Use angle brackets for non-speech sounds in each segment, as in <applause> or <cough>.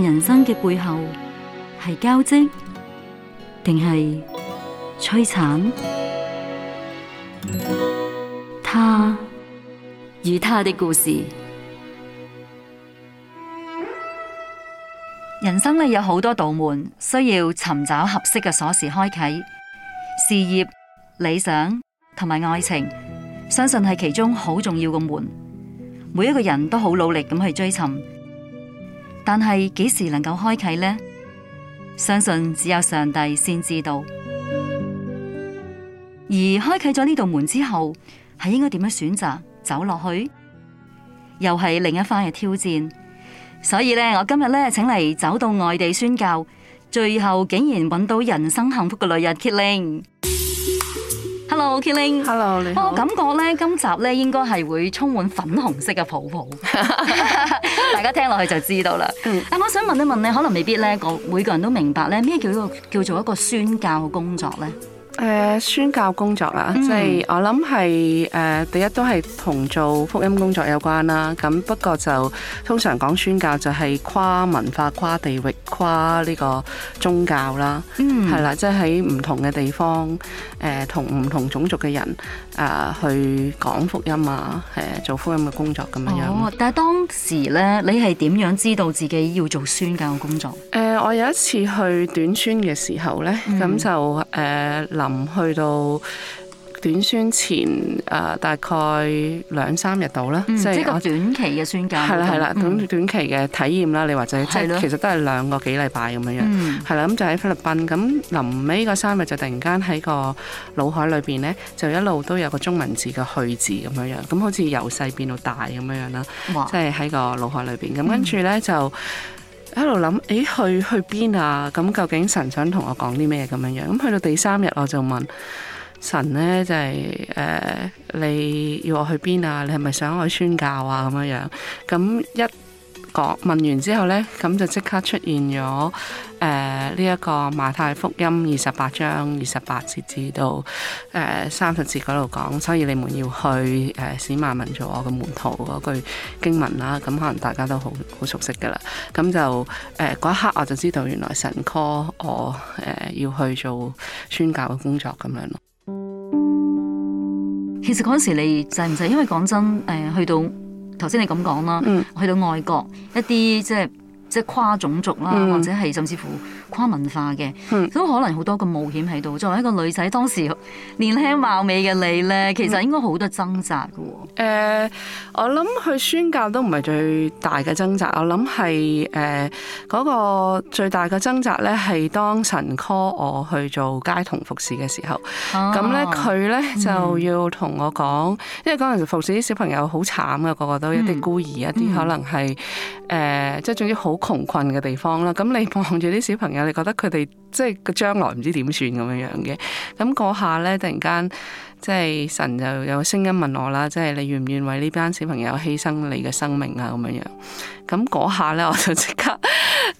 人生嘅背後係交織，定係摧殘？他與他的故事，人生裏有好多道門，需要尋找合適嘅鎖匙開啟。事業、理想同埋愛情，相信係其中好重要嘅門。每一個人都好努力咁去追尋。但係幾時能夠開啟呢？相信只有上帝先知道。而開啟咗呢道門之後，係應該點樣選擇走落去？又係另一番嘅挑戰。所以咧，我今日咧，請嚟走到外地宣教，最後竟然揾到人生幸福嘅女人 Keling。Hello，Keling。Hello，你好。我感覺咧，今集咧應該係會充滿粉紅色嘅泡泡。 <laughs> 大家聽落去就知道啦。嗯，但，我想問一問你，可能未必咧個每個人都明白咧咩叫做叫做一個宣教工作咧？誒，宣教工作啊，即係、嗯、我諗係誒第一都係同做福音工作有關啦。咁不過就通常講宣教就係跨文化、跨地域、跨呢個宗教啦。嗯，係啦，即係喺唔同嘅地方誒，同唔同種族嘅人。誒去講福音啊，誒做福音嘅工作咁樣樣、哦。但係當時咧，你係點樣知道自己要做宣教工作？誒，我有一次去短宣嘅時候咧，咁、嗯、就誒臨去到。短宣前啊，大概兩三日到啦，即係短期嘅宣教。係啦係啦，咁、嗯、短期嘅體驗啦，你或者即係其實都係兩個幾禮拜咁樣樣。係啦、嗯，咁就喺菲律賓。咁臨尾嗰三日就突然間喺個腦海裏邊咧，就一路都有個中文字嘅去字咁樣樣。咁好似由細變到大咁樣樣啦，即係喺個腦海裏邊。咁跟住咧就一路諗，誒去去邊啊？咁究竟神想同我講啲咩咁樣樣？咁去到第三日我就問。神咧就係、是、誒、呃，你要我去邊啊？你係咪想我去宣教啊？咁樣樣咁一講問完之後咧，咁就即刻出現咗誒呢一個馬太福音二十八章二十八節至到誒三十節嗰度講，所以你們要去誒、呃，使萬民作我嘅門徒嗰句經文啦。咁可能大家都好好熟悉㗎喇。咁就誒嗰、呃、一刻我就知道，原來神 call 我誒要去做宣教嘅工作咁樣咯。其實嗰陣時你制唔制？因為講真，誒、呃、去到頭先你咁講啦，嗯、去到外國一啲即係即係跨種族啦，嗯、或者係甚至乎。跨文化嘅，都、嗯、可能好多個冒險喺度。作為一個女仔，當時年輕貌美嘅你咧，其實應該好多掙扎嘅。誒、嗯，我諗去宣教都唔係最大嘅掙扎，我諗係誒個最大嘅掙扎咧，係當神 call 我去做街童服侍嘅時候。咁咧、啊，佢咧、嗯、就要同我講，因為陣時服侍啲小朋友好慘嘅，個個都一啲孤兒、嗯嗯、一啲可能係誒即係總之好窮困嘅地方啦。咁你望住啲小朋友。我哋覺得佢哋即係個將來唔知點算咁樣樣嘅，咁嗰下咧，突然間即係神就有聲音問我啦，即係你願唔願為呢班小朋友犧牲你嘅生命啊咁樣樣？咁嗰下咧我就即刻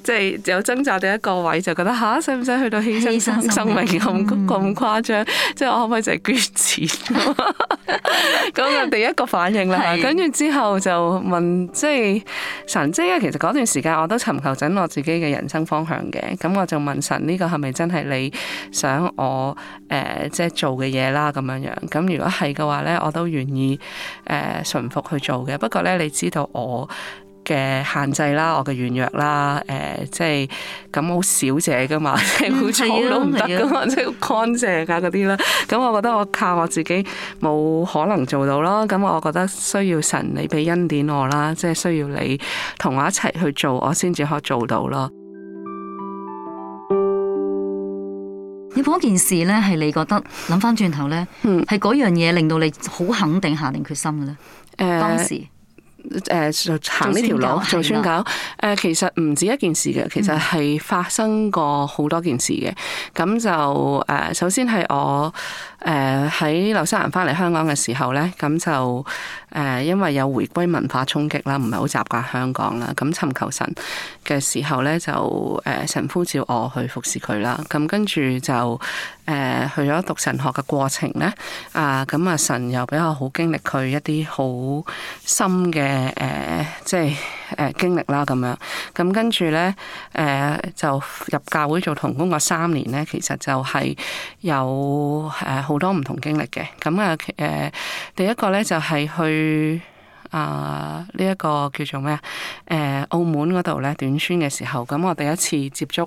即係有掙扎第一個位，就覺得吓，使唔使去到犧牲生，犧牲生命咁咁、嗯、誇張？即係我可唔可以淨係捐錢？ <laughs> 咁啊， <laughs> 就第一個反應啦，跟住是之後就問，即係神，即係其實嗰段時間我都尋求緊我自己嘅人生方向嘅，咁我就問神呢個係咪真係你想我誒、呃、即係做嘅嘢啦咁樣樣，咁如果係嘅話呢，我都願意誒順服去做嘅，不過呢，你知道我。嘅限制啦，我嘅軟弱啦，誒、呃，即係咁好小姐噶嘛，好粗都唔得噶嘛，即係的 <laughs> 乾淨啊嗰啲啦。咁我覺得我靠我自己冇可能做到咯。咁我覺得需要神你俾恩典我啦，即係需要你同我一齊去做，我先至可以做到咯。你件事咧，係你覺得諗翻轉頭咧，嗯，係嗰樣嘢令到你好肯定下定決心嘅咧？誒，當時。誒，行呢條路做村搞，誒是的 其實唔止一件事嘅，其實係發生過好多件事嘅。咁就誒，首先係我。誒喺紐西蘭翻嚟香港嘅時候呢，咁就誒、uh, 因為有回歸文化衝擊啦，唔係好習慣香港啦。咁尋求神嘅時候呢，就誒、uh, 神呼召我去服侍佢啦。咁跟住就誒、uh, 去咗讀神學嘅過程呢，啊咁啊神又比較好經歷佢一啲好深嘅誒，uh, 即係。誒經歷啦咁樣，咁跟住咧誒就入教會做同工個三年咧，其實就係有誒好多唔同經歷嘅。咁啊誒，第一個咧就係、是、去啊呢一個叫做咩啊誒澳門嗰度咧短宣嘅時候，咁我第一次接觸。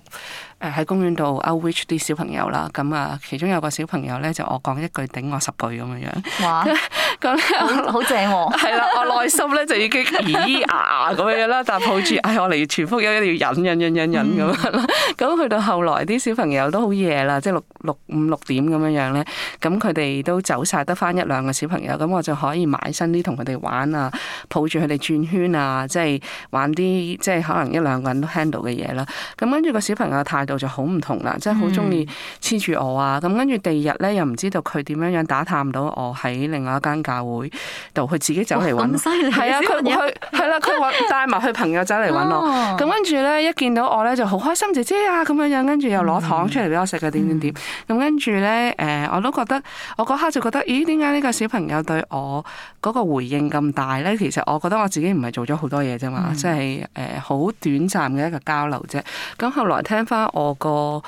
喺公園度 outreach 啲小朋友啦，咁啊，其中有個小朋友咧就我講一句頂我十句咁樣哇樣，哇很！咁咧好正喎，係啦棒、啊，我內心咧就已經牙牙咁樣啦，但係抱住唉，我嚟全副一定要忍忍忍忍忍咁樣啦。咁去到後來啲小朋友都好夜啦，即係六六五六點咁樣樣咧，咁佢哋都走晒得返一兩個小朋友，咁我就可以埋身啲同佢哋玩啊，抱住佢哋轉圈啊，即係玩啲即係可能一兩個人都 handle 嘅嘢啦。咁跟住個小朋友太～度就好唔同啦，即係好中意黐住我啊！咁跟住第二日咧，又唔知道佢點樣樣打探到我喺另外一間教會度，佢自己走嚟揾我，咁犀利！係啊，佢 <laughs> 去，係啦，佢帶埋佢朋友走嚟揾我。咁跟住咧，一見到我咧就好開心，姐姐啊咁樣樣，跟住又攞糖出嚟俾我食啊。點點點。咁跟住咧，誒，我都覺得，我嗰刻就覺得，咦？點解呢個小朋友對我嗰個回應咁大咧？其實我覺得我自己唔係做咗好多嘢啫嘛，嗯、即係誒好短暫嘅一個交流啫。咁後來聽翻。我個誒、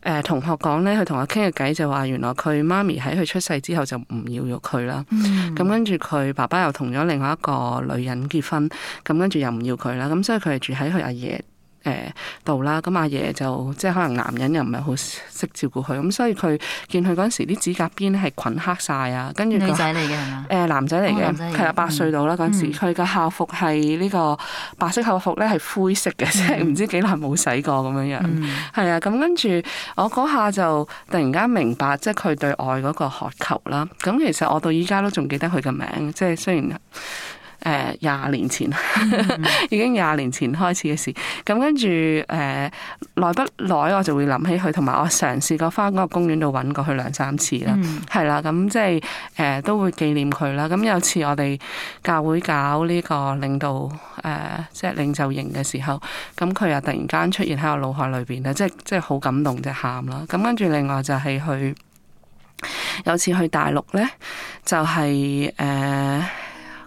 呃、同學講咧，佢同我傾嘅偈就話，原來佢媽咪喺佢出世之後就唔要咗佢啦。咁、嗯、跟住佢爸爸又同咗另外一個女人結婚，咁跟住又唔要佢啦。咁所以佢係住喺佢阿爺，爺。誒度啦，咁阿、嗯啊、爺就即係可能男人又唔係好識照顧佢，咁所以佢見佢嗰陣時啲指甲邊咧係菌黑晒啊，跟住女仔嚟嘅係咪啊？誒男仔嚟嘅，係啊、哦，八歲到啦嗰陣時，佢嘅校服係呢、這個白色校服咧係灰色嘅，嗯、即係唔知幾耐冇洗過咁樣、嗯、樣，係、嗯、啊，咁跟住我嗰下就突然間明白即係佢對外嗰個渴求啦。咁其實我到依家都仲記得佢嘅名，即係雖然。誒廿、uh, 年前， <laughs> 已經廿年前開始嘅事。咁跟住誒，耐、uh, 不耐我就會諗起佢，同埋我嘗試過翻嗰個公園度揾過佢兩三次啦。係啦、mm.，咁即係誒、uh, 都會紀念佢啦。咁有次我哋教會搞呢個領導誒、uh, 即係領袖營嘅時候，咁佢又突然間出現喺我腦海裏邊啦，即係即係好感動就喊啦。咁跟住另外就係去有次去大陸咧，就係、是、誒。Uh,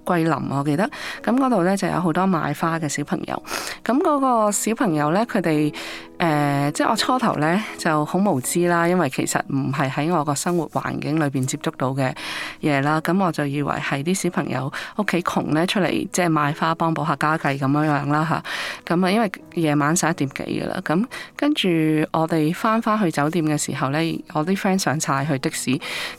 桂林我記得，咁嗰度咧就有好多買花嘅小朋友，咁嗰個小朋友咧，佢哋。誒，uh, 即係我初頭呢就好無知啦，因為其實唔係喺我個生活環境裏邊接觸到嘅嘢啦，咁我就以為係啲小朋友屋企窮呢，出嚟即係賣花幫補下家計咁樣樣啦，吓，咁啊，因為夜晚十一點幾噶啦，咁跟住我哋翻翻去酒店嘅時候呢，我啲 friend 上車去的士，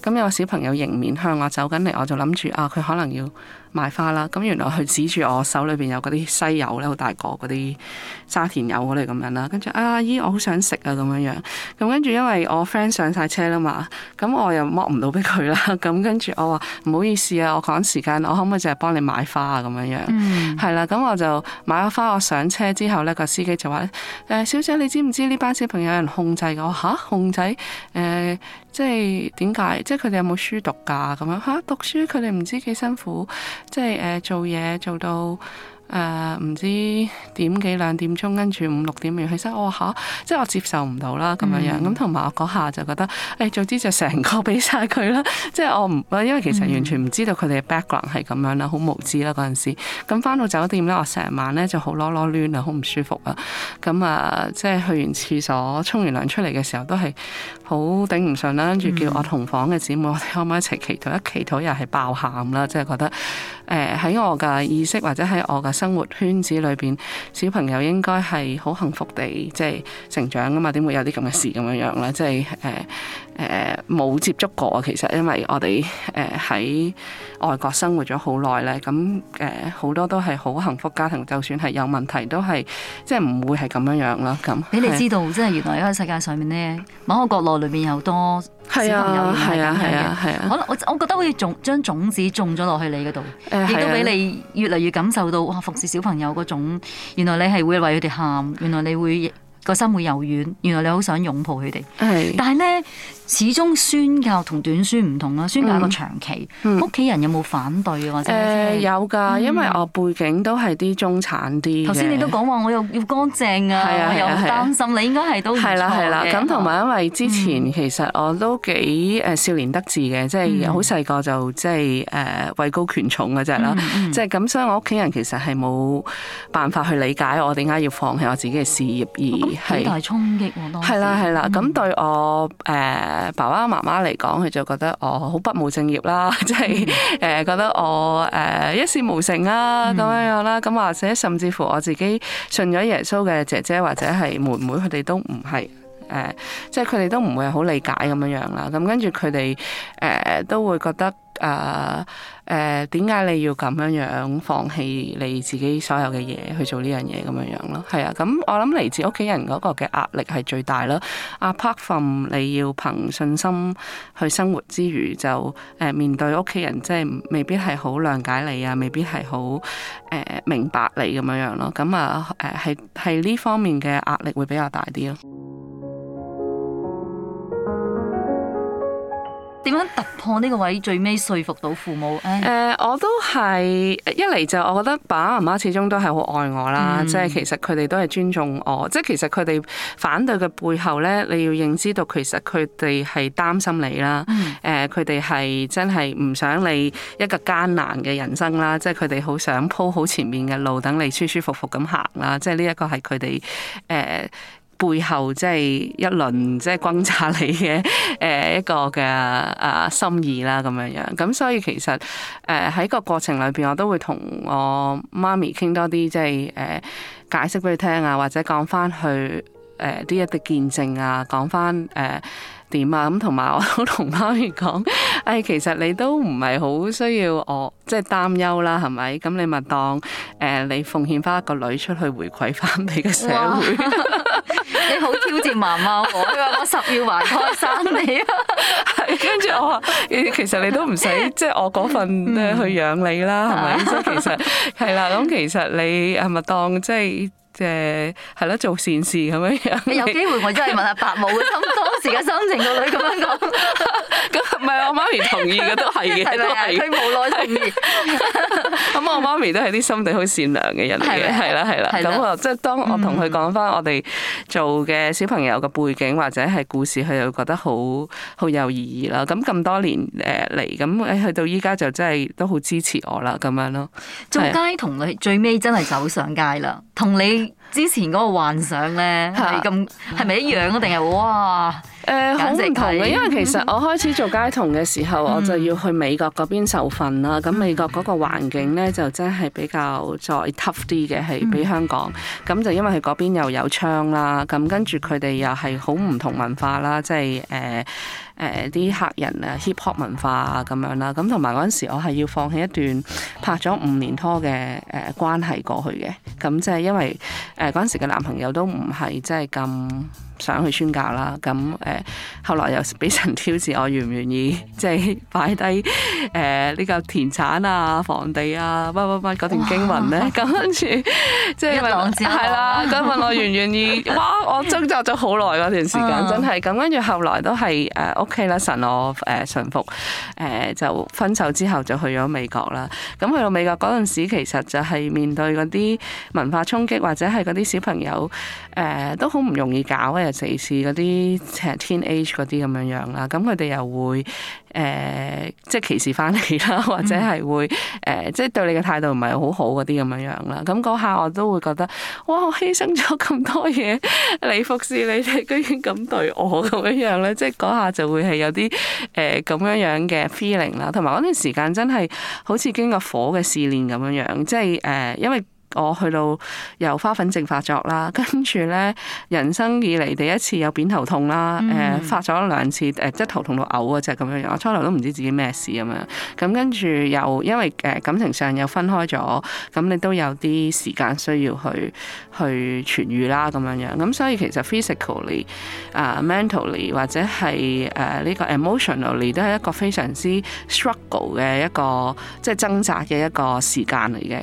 咁有個小朋友迎面向我走緊嚟，我就諗住啊，佢可能要賣花啦。咁原來佢指住我手裏邊有嗰啲西柚咧，好大個嗰啲沙田柚嗰類咁樣啦，跟住阿姨、啊，我好想食啊，咁樣樣。咁跟住，因為我 friend 上晒車啦嘛，咁我又摸唔到俾佢啦。咁跟住我話唔好意思啊，我趕時間，我可唔可以淨係幫你買花啊？咁樣樣，係啦、嗯。咁我就買咗花。我上車之後咧，個司機就話：誒、呃、小姐，你知唔知呢班小朋友有人控制我嚇、啊？控制誒、呃，即係點解？即係佢哋有冇書讀噶？咁樣嚇讀書，佢哋唔知幾辛苦。即係誒、呃、做嘢做到。誒唔、呃、知點幾兩點鐘，跟住五六點完，起身。我、啊、嚇，即係我接受唔到啦咁樣樣。咁同埋我嗰下就覺得，誒、哎、總之就成個俾晒佢啦。即係我唔，因為其實完全唔知道佢哋嘅 background 係咁樣啦，好無知啦嗰陣時。咁返到酒店咧，我成晚咧就好囉囉攣啊，好唔舒服啊。咁啊，即係去完廁所，沖完涼出嚟嘅時候都係好頂唔順啦。跟住叫我同房嘅姊妹，我哋可唔可以一齊祈禱，一祈禱又係爆喊啦，即係覺得。誒喺我嘅意識或者喺我嘅生活圈子裏邊，小朋友應該係好幸福地即係成長噶嘛？點會有啲咁嘅事咁樣樣咧？即係誒誒冇接觸過其實，因為我哋誒喺外國生活咗好耐咧，咁誒好多都係好幸福家庭，就算係有問題都係即係唔會係咁樣樣啦。咁俾你知道，是即係原來喺世界上面咧，某個角落裏面有多。係啊，係啊，係啊，係啊！可能我我覺得好似種將種子種咗落去你嗰度，啊啊、亦都俾你越嚟越感受到哇！服侍小朋友嗰種，原來你係會為佢哋喊，原來你會個心會柔軟，原來你好想擁抱佢哋。啊啊、但係咧。始終宣教同短宣唔同啦，宣教個長期，屋企人有冇反對或者誒有㗎，因為我背景都係啲中產啲。頭先你都講話我又要乾淨啊，又擔心你應該係都唔錯嘅。係啦係啦，咁同埋因為之前其實我都幾誒少年得志嘅，即係好細個就即係誒位高權重嘅啫啦。即係咁，所以我屋企人其實係冇辦法去理解我點解要放棄我自己嘅事業而係幾大衝擊喎？當係啦係啦，咁對我誒。誒爸爸媽媽嚟講，佢就覺得我好不務正業啦，即係誒覺得我誒一事無成啦咁、嗯、樣樣啦。咁或者甚至乎我自己信咗耶穌嘅姐姐或者係妹妹，佢哋都唔係誒，即係佢哋都唔會好理解咁樣樣啦。咁跟住佢哋誒都會覺得。啊，誒點解你要咁樣樣放棄你自己所有嘅嘢去做呢樣嘢咁樣樣咯？係啊，咁我諗嚟自屋企人嗰個嘅壓力係最大啦。阿 Patrick，你要憑信心去生活之餘，就誒、呃、面對屋企人，即係未必係好諒解你啊，未必係好誒明白你咁樣樣咯。咁啊，誒係係呢方面嘅壓力會比較大啲咯。點樣突破呢個位最尾説服到父母？誒、呃，我都係一嚟就我覺得爸爸媽媽始終都係好愛我啦，嗯、即係其實佢哋都係尊重我。即係其實佢哋反對嘅背後呢，你要認知到其實佢哋係擔心你啦。誒、嗯，佢哋係真係唔想你一個艱難嘅人生啦。即係佢哋好想鋪好前面嘅路，等你舒舒服服咁行啦。即係呢一個係佢哋誒。呃背後即係一輪即係轟炸你嘅誒一個嘅啊心意啦咁樣樣，咁所以其實誒喺個過程裏邊，我都會同我媽咪傾多啲，即係誒解釋俾佢聽啊，或者講翻去誒啲一啲見證啊，講翻誒點啊，咁同埋我都同媽咪講，誒、哎、其實你都唔係好需要我即係、即係、擔憂啦，係咪？咁你咪當誒你奉獻翻一個女出去回饋翻俾個社會。哇 <laughs> 你好挑戰媽媽喎，你話我十月懷胎生你啊？係跟住我話，其實你都唔使即係我嗰份咩去養你啦，係咪？即其實係啦，咁、即係、其實你係咪當即係？即係即係係咯，做善事咁樣樣。你有機會我真係問下伯母嘅心，當時嘅心情，個女咁樣講，咁唔係我媽咪同意嘅都係嘅，都係。佢無奈同意。咁我媽咪都係啲心地好善良嘅人嚟嘅，係啦係啦。咁啊，即係當我同佢講翻我哋做嘅小朋友嘅背景或者係故事，佢又覺得好好有意義啦。咁咁多年誒嚟，咁去到依家就真係都好支持我啦，咁樣咯。做街同你最尾真係走上街啦，同你。之前嗰個幻想咧，係咁係咪一樣定、啊、係哇？誒、呃，好唔同嘅，因為其實我開始做街童嘅時候， <laughs> 我就要去美國嗰邊受訓啦。咁美國嗰個環境咧，就真係比較再 tough 啲嘅，係比香港。咁 <laughs> 就因為佢嗰邊又有槍啦，咁跟住佢哋又係好唔同文化啦，即係誒。呃誒啲、呃、客人啊，hip hop 文化啊咁樣啦，咁同埋嗰陣時我係要放棄一段拍咗五年拖嘅誒、呃、關係過去嘅，咁即係因為誒嗰陣時嘅男朋友都唔係即係咁。就是想去宣教啦，咁誒、呃、後來又俾神挑戰，我願唔願意，即係擺低誒呢個田產啊、房地啊，乜乜乜段經文咧？咁跟住即係，問我係啦，跟住問我願唔願意？哇！我掙扎咗好耐段時間，真係，咁、嗯。跟住後，後來都係誒、呃、OK 啦，神我誒順、呃、服誒、呃，就分手之後就去咗美國啦。咁去到美國陣時其實就係面對啲文化衝擊或者係啲小朋友誒、呃、都好唔容易搞嘅。係時事嗰啲，即係 teenage 嗰啲咁樣樣啦。咁佢哋又會誒，即係歧視翻你啦，或者係會誒、呃，即係對你嘅態度唔係好好嗰啲咁樣樣啦。咁嗰下我都會覺得，哇！我犧牲咗咁多嘢你服侍你哋，居然咁對我咁樣樣咧，即係嗰下就會係有啲誒咁樣樣嘅 feeling 啦。同埋嗰段時間真係好似經過火嘅試煉咁樣樣，即係誒、呃，因為。我去到由花粉症發作啦，跟住咧人生以嚟第一次有扁頭痛啦，誒、mm. 發咗兩次誒，即係頭痛到嘔啊，就係咁樣樣。我初頭都唔知自己咩事咁樣，咁跟住又因為誒感情上又分開咗，咁你都有啲時間需要去去痊癒啦，咁樣樣。咁所以其實 physically 啊，mentally 或者係誒呢個 emotionally 都係一個非常之 struggle 嘅一個即係掙扎嘅一個時間嚟嘅。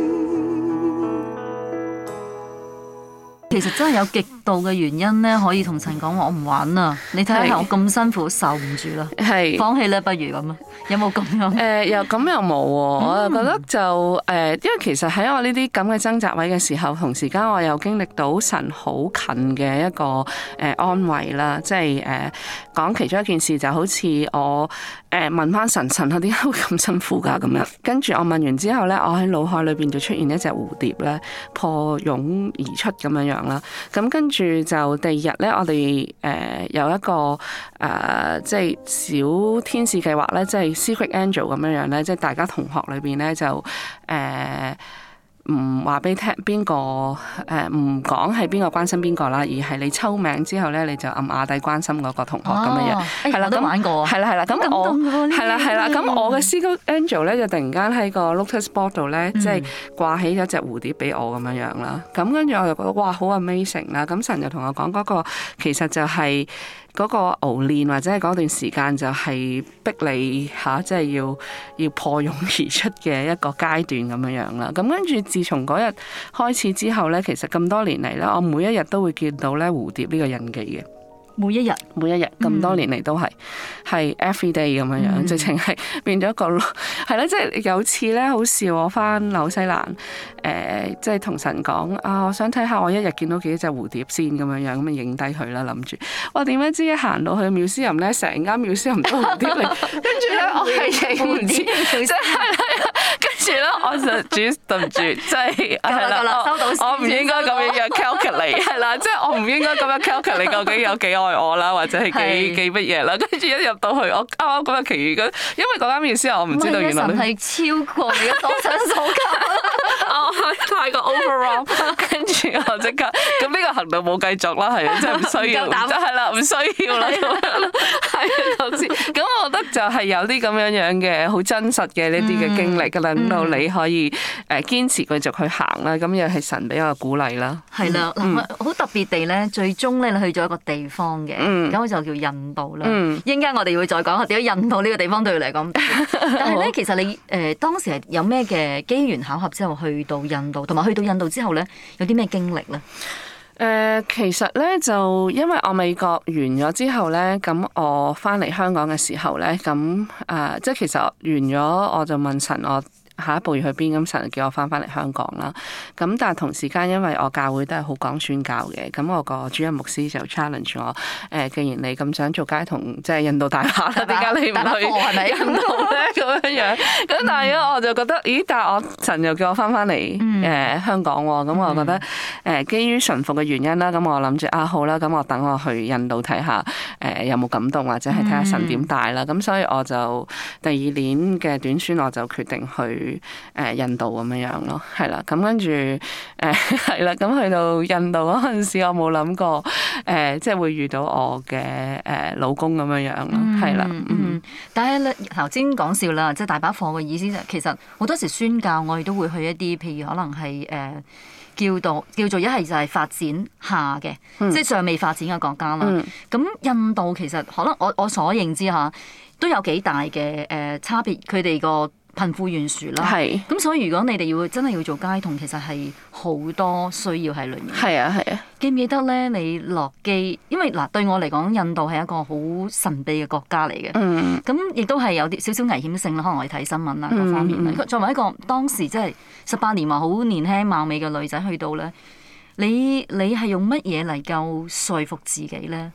其實真係有極度嘅原因咧，可以同神講我唔玩啦。你睇下，我咁辛苦，是受唔住啦，是放棄咧，不如咁、 <laughs> 呃、啊？有冇咁樣？誒，又咁又冇，我啊覺得就誒、呃，因為其實喺我呢啲咁嘅掙扎位嘅時候，同時間我又經歷到神好近嘅一個誒安慰啦，即係誒講其中一件事，就好似我誒、呃、問翻神，神啊，點解會咁辛苦噶？咁樣，跟住我問完之後咧，我喺腦海裏邊就出現一隻蝴蝶咧，破蛹而出咁樣樣。咁跟住就第二日咧，我哋誒、呃、有一個誒、呃，即係小天使計劃咧，即係 Secret Angel 咁樣樣咧，即係大家同學裏邊咧就誒。呃唔話俾聽邊個誒唔講係邊個關心邊個啦，而係你抽名之後咧，你就暗啞底關心嗰個同學咁樣樣，係啦，咁玩過，係啦係啦，咁我係啦係啦，咁我嘅師哥 Angel 咧就突然間喺個 Lotus pod 度咧即係掛起咗隻蝴蝶俾我咁樣樣啦，咁跟住我就覺得哇好 amazing 啦，咁神就同我講嗰個其實就係。嗰個熬煉或者係嗰段時間就係逼你嚇，即、啊、係要要破蛹而出嘅一個階段咁樣樣啦。咁跟住，自從嗰日開始之後咧，其實咁多年嚟咧，我每一日都會見到咧蝴蝶呢個印記嘅。每一日，每一日咁多年嚟都係係 every day 咁樣樣，直情係變咗一個路係啦。 <laughs> 即係有次咧，好笑我翻紐西蘭，誒、呃、即係同神講啊，我想睇下我一日見到幾隻蝴蝶先咁樣樣，咁咪影低佢啦，諗住。我點樣知行到去妙思林咧，成間妙思林都蝴蝶嚟，跟住咧我係影唔知，即係係。 <laughs> 住咯，我就主對唔住，即係係啦，收到我唔應該咁樣樣 calculate，係啦，即係我唔應該咁樣 calculate 究竟有幾愛我啦，或者係幾幾乜嘢啦。跟住一入到去，我啊咁樣奇遇，因為嗰間面先我唔知道原來，女係超過你所想所求，我太過 over 跟住我即刻咁呢個行動冇繼續啦，係啊，即係唔需要，係啦，唔需要啦，係啊，我咁我覺得就係有啲咁樣樣嘅好真實嘅呢啲嘅經歷㗎啦。就、嗯、你可以誒堅持繼續去行啦，咁又係神俾我嘅鼓勵啦。係啦的，好、嗯、特別地咧，嗯、最終咧你去咗一個地方嘅，咁、嗯、就叫印度啦。應該、嗯、我哋會再講下點解印度呢個地方對你嚟講。但係咧， <laughs> 好其實你誒、呃、當時係有咩嘅機緣巧合之後去到印度，同埋去到印度之後咧，有啲咩經歷咧？誒、呃，其實咧就因為我美國完咗之後咧，咁我翻嚟香港嘅時候咧，咁誒即係其實完咗，我就問神我、呃。下一步要去邊？咁神叫我翻翻嚟香港啦。咁但係同時間，因為我教會都係好講宣教嘅，咁我個主任牧師就 challenge 我誒，既然你咁想做街童，即係印度大話啦，點解你唔去？大係印度咧？咁樣樣。咁 <laughs> 但係咧，我就覺得，咦？但係我神又叫我翻翻嚟誒香港喎。咁我覺得誒，基於順服嘅原因啦，咁我諗住啊好啦，咁我等我去印度睇下誒有冇感動，或者係睇下神點帶啦。咁、嗯、所以我就第二年嘅短宣，我就決定去。誒印度咁樣樣咯，係啦，咁跟住誒係啦，咁去到印度嗰陣時，我冇諗過誒，即係會遇到我嘅誒老公咁樣樣咯，係啦，嗯，但係咧頭先講笑啦，即係大把貨嘅意思就其實好多時宣教我哋都會去一啲，譬如可能係誒叫做叫做一係就係發展下嘅，嗯、即係尚未發展嘅國家啦。咁、嗯、印度其實可能我我所認知嚇都有幾大嘅誒差別，佢哋個。貧富懸殊啦，咁、啊、所以如果你哋要真係要做街童，其實係好多需要喺裏面。係啊係啊，啊記唔記得咧？你落機，因為嗱對我嚟講，印度係一個好神秘嘅國家嚟嘅。咁亦、嗯、都係有啲少少危險性啦，可能我哋睇新聞啊，各方面佢、嗯、作為一個當時即係十八年華好年輕貌美嘅女仔去到咧，你你係用乜嘢嚟夠說服自己咧？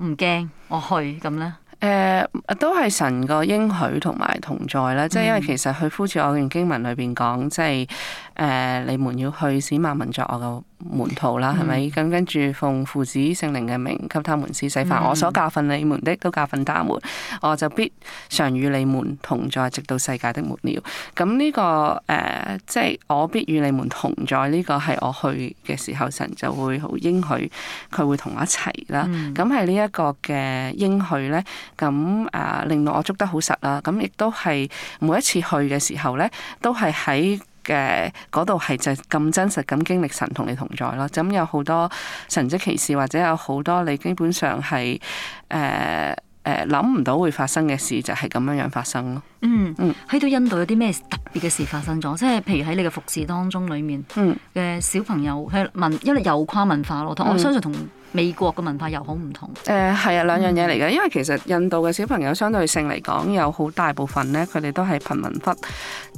唔驚、嗯，我去咁咧。誒，都係神個應許同埋同在啦，嗯、即係因為其實佢呼召我段經文裏邊講，即係。誒、呃，你們要去使萬民作我嘅門徒啦，係咪？咁、嗯、跟住奉父子聖靈嘅名給他們施洗法。嗯、我所教訓你們的，都教訓他們。我就必常與你們同在，直到世界的末了。咁呢、這個誒，即、呃、係、就是、我必與你們同在。呢、這個係我去嘅時候，神就會好應許佢會同我一齊啦。咁係呢一個嘅應許咧，咁啊、呃，令到我捉得好實啦。咁亦都係每一次去嘅時候咧，都係喺。嘅嗰度係就咁真實咁經歷神同你同在咯，咁有好多神蹟奇事，或者有好多你基本上係誒誒諗唔到會發生嘅事，就係咁樣樣發生咯。嗯嗯，喺度、嗯、印度有啲咩特別嘅事發生咗？即係譬如喺你嘅服侍當中裡面，嘅、嗯、小朋友佢文，因為又跨文化咯，嗯、我相信同。美國嘅文化又好唔同，誒係、呃、啊兩樣嘢嚟嘅，因為其實印度嘅小朋友相對性嚟講，有好大部分咧，佢哋都係貧民窟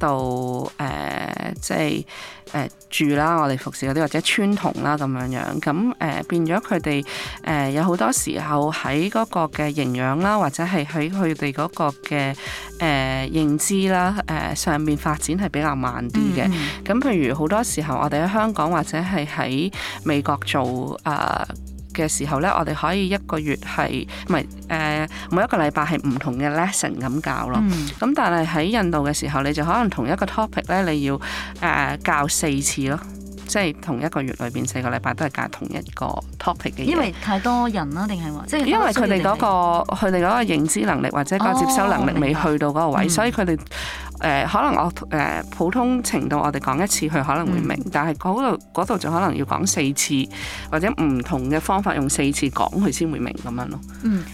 度誒、呃，即係誒、呃、住啦，我哋服侍嗰啲或者村童啦咁樣樣，咁、呃、誒變咗佢哋誒有好多時候喺嗰個嘅營養啦，或者係喺佢哋嗰個嘅誒、呃、認知啦誒、呃、上面發展係比較慢啲嘅。咁、mm hmm. 譬如好多時候我哋喺香港或者係喺美國做誒。呃嘅時候咧，我哋可以一個月係唔係誒每一個禮拜係唔同嘅 lesson 咁教咯。咁、嗯、但係喺印度嘅時候，你就可能同一個 topic 咧，你要誒、呃、教四次咯，即係同一個月裏邊四個禮拜都係教同一個 topic 嘅。因為太多人啦，定係話即係因為佢哋嗰個佢哋嗰個認知能力或者個接收能力未、哦、去到嗰個位，嗯、所以佢哋。誒、呃、可能我誒、呃、普通程度我哋講一次佢可能會明，嗯、但係嗰度嗰度就可能要講四次，或者唔同嘅方法用四次講佢先會明咁樣咯。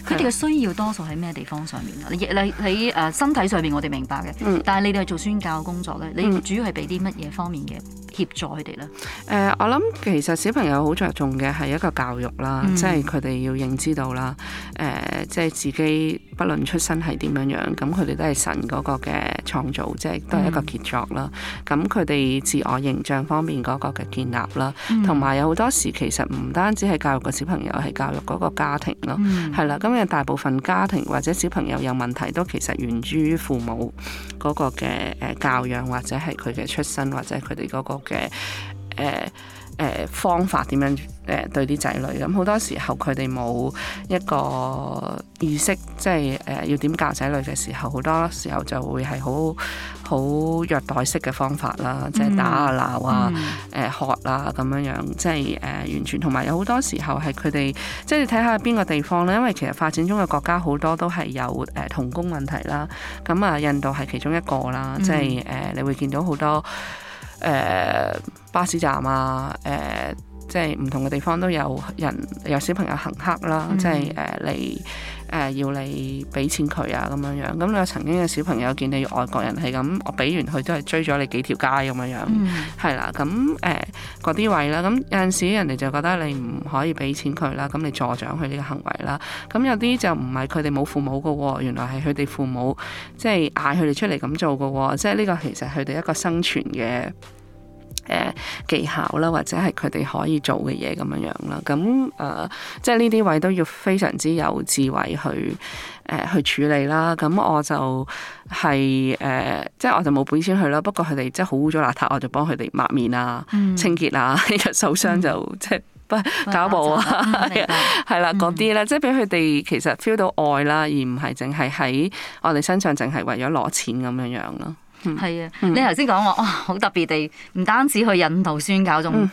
佢哋嘅需要多數喺咩地方上面啊？是你你喺、呃、身體上面我哋明白嘅，嗯、但係你哋做宣教工作咧，你主要係俾啲乜嘢方面嘅協助佢哋咧？誒、嗯呃，我諗其實小朋友好着重嘅係一個教育啦，即係佢哋要認知到啦，誒、呃，即、就、係、是、自己不論出身係點樣樣，咁佢哋都係神嗰個嘅創。組織都係一個傑作啦，咁佢哋自我形象方面嗰個嘅建立啦，同埋、嗯、有好多時其實唔單止係教育個小朋友，係教育嗰個家庭咯，係啦、嗯。咁大部分家庭或者小朋友有問題，都其實源於父母嗰個嘅誒教養，或者係佢嘅出身，或者佢哋嗰個嘅誒。呃誒方法點樣誒對啲仔女，咁好多時候佢哋冇一個意識，即係誒要點教仔女嘅時候，好多時候就會係好好虐待式嘅方法啦，即係打啊鬧啊誒、嗯、呃、喝啦咁樣樣，即係誒完全同埋有好多時候係佢哋即係睇下邊個地方咧，因為其實發展中嘅國家好多都係有誒童工問題啦，咁啊印度係其中一個啦，即係誒你會見到好多。誒、呃、巴士站啊，誒、呃、即係唔同嘅地方都有人有小朋友行乞啦，嗯、即係誒嚟。呃誒、呃、要你俾錢佢啊咁樣樣，咁、嗯、你曾經嘅小朋友見你外國人係咁，我俾完佢都係追咗你幾條街咁樣樣，係啦、嗯，咁誒嗰啲位啦，咁有陣時人哋就覺得你唔可以俾錢佢啦，咁你助長佢呢個行為啦，咁有啲就唔係佢哋冇父母噶喎，原來係佢哋父母即係嗌佢哋出嚟咁做噶喎，即係呢個其實佢哋一個生存嘅。誒技巧啦，或者係佢哋可以做嘅嘢咁樣樣啦。咁誒、呃，即係呢啲位都要非常之有智慧去誒、呃、去處理啦。咁我就係、是、誒、呃，即係我就冇本錢去啦。不過佢哋即係好污糟邋遢，我就幫佢哋抹面啊，清潔啊。呢個受傷就、嗯、即係不加補啊，係啦嗰啲啦，即係俾佢哋其實 feel 到愛啦，而唔係淨係喺我哋身上淨係為咗攞錢咁樣樣咯。係啊！你頭先講話哇，好、哦、特別地，唔單止去引導宣教，仲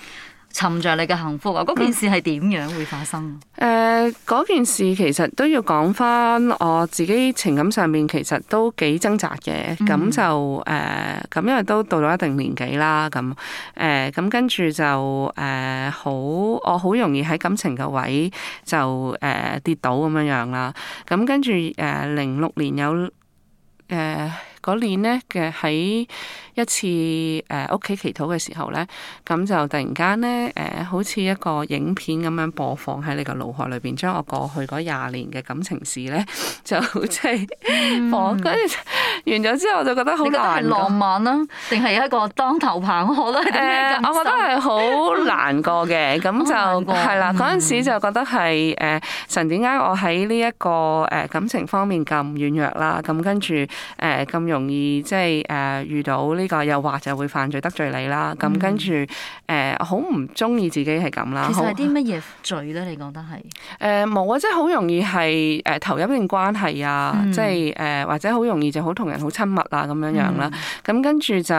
沉着你嘅幸福啊！嗰、嗯、件事係點樣會發生？誒、呃，嗰件事其實都要講返我自己情感上面，其實都幾掙扎嘅。咁、嗯、就誒，咁、呃、因為都到咗一定年紀啦。咁、呃、誒，咁跟住就誒、呃，好我好容易喺感情嘅位就誒、呃、跌倒咁樣樣啦。咁跟住誒，零、呃、六年有誒。呃呃嗰年咧嘅喺一次誒屋企祈禱嘅時候咧，咁就突然間咧誒，好似一個影片咁樣播放，喺你個腦海裏邊將我過去嗰廿年嘅感情事咧，就即係播。 <laughs> <laughs> 完咗之後，我就覺得好浪漫啦，定係一個當頭棒？我、呃、我覺得啲係好難過嘅。咁 <laughs> 就係 <laughs> 過啦，嗰陣、嗯、時就覺得係誒、呃、神點解我喺呢一個誒感情方面咁軟弱啦？咁跟住誒咁容易即係誒、呃、遇到呢、這個誘惑就會犯罪得罪你啦？咁、嗯、跟住誒好唔中意自己係咁啦。嗯、其實係啲乜嘢罪咧？你覺得係誒冇啊？即係好容易係誒投入一段關係啊，即係誒或者好容易就好同。人好親密啊，咁樣樣啦，咁跟住就，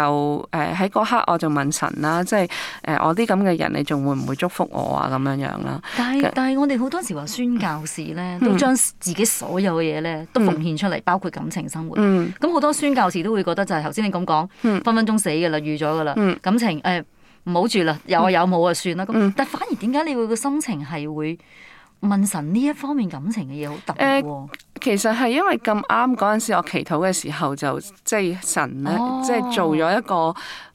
誒喺嗰刻我就問神啦，即係，誒我啲咁嘅人，你仲會唔會祝福我啊？咁樣樣啦。就但係但係我哋好多時話宣教士咧，嗯、都將自己所有嘢咧都奉獻出嚟，嗯、包括感情生活。咁好、嗯、多宣教士都會覺得就係頭先你咁講，嗯、分分鐘死噶啦，預咗噶啦，嗯、感情誒唔好住啦，有啊有冇啊算啦。咁、嗯嗯、但反而點解你會個心情係會？問神呢一方面感情嘅嘢好特別，哦呃、其實係因為咁啱嗰陣時，我祈禱嘅時候就即係神咧，即係、哦、做咗一個誒、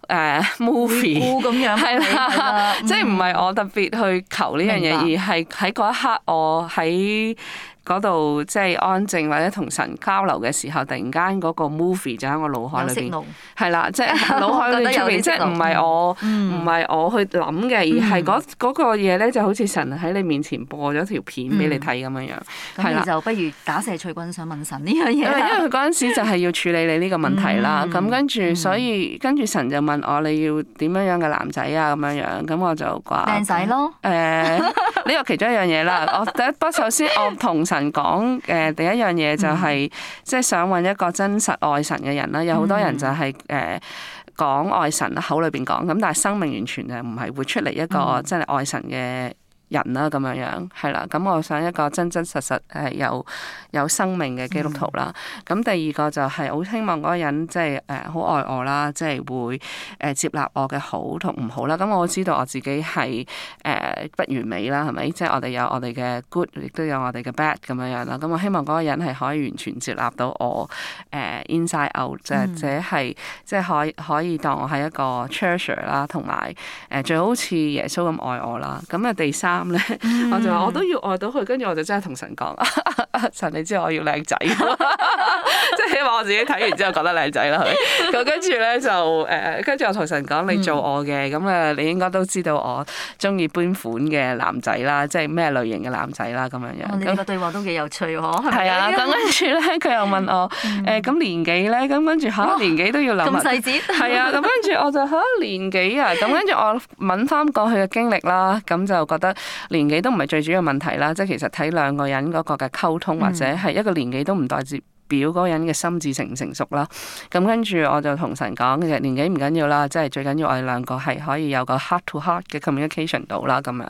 uh, movie 咁樣，係啦，啦嗯、即係唔係我特別去求呢樣嘢，白而係喺嗰一刻我喺。嗰度即係安靜或者同神交流嘅時候，突然間嗰個 movie 就喺我腦海裏邊，係啦，即係腦海裏邊，即係唔係我唔係我去諗嘅，而係嗰嗰個嘢咧就好似神喺你面前播咗條片俾你睇咁樣樣，係啦，就不如打蛇翠君想問神呢樣嘢。因為佢陣時就係要處理你呢個問題啦，咁跟住所以跟住神就問我你要點樣樣嘅男仔啊咁樣樣，咁我就話，靚仔咯。誒呢個其中一樣嘢啦。我第一不首先我同。神講嘅第一樣嘢就係、是，mm hmm. 即係想揾一個真實愛神嘅人啦。有好多人就係、是、誒、mm hmm. 呃、講愛神口裏邊講，咁但係生命完全就唔係會出嚟一個真係愛神嘅人啦咁樣樣，係啦。咁我想一個真真實實誒有有生命嘅基督徒啦。咁、mm hmm. 第二個就係好希望嗰個人即係誒好愛我啦，即係會誒、呃、接納我嘅好同唔好啦。咁我知道我自己係誒。呃誒不完美啦，係咪？即係我哋有我哋嘅 good，亦都有我哋嘅 bad 咁樣樣啦。咁我希望嗰個人係可以完全接納到我誒、uh, inside out，或者係即係可以可以當我係一個 treasure 啦，同埋誒最好似耶穌咁愛我啦。咁啊第三咧， <laughs> 我就話我都要愛到佢，跟住我就真係同神講， <laughs> 神你知我要靚仔，即係希望我自己睇完之後覺得靚仔啦。咁跟住咧就誒、呃、跟住我同神講，你做我嘅，咁啊 <laughs> 你應該都知道我中意搬。本嘅男仔啦，即係咩類型嘅男仔啦，咁樣樣。咁個對話都幾有趣呵，係啊？咁跟住咧，佢又問我，誒咁、嗯欸、年紀咧，咁跟住嚇年紀都要諗。咁、哦、細節。係啊，咁跟住我就嚇、啊、年紀啊，咁跟住我問翻過去嘅經歷啦，咁 <laughs> 就覺得年紀都唔係最主要問題啦，即係其實睇兩個人嗰個嘅溝通，嗯、或者係一個年紀都唔代接。表嗰人嘅心智成唔成熟啦，咁跟住我就同神講嘅年紀唔緊要啦，即係最緊要我哋兩個係可以有個 heart to heart 嘅 communication 到啦，咁樣。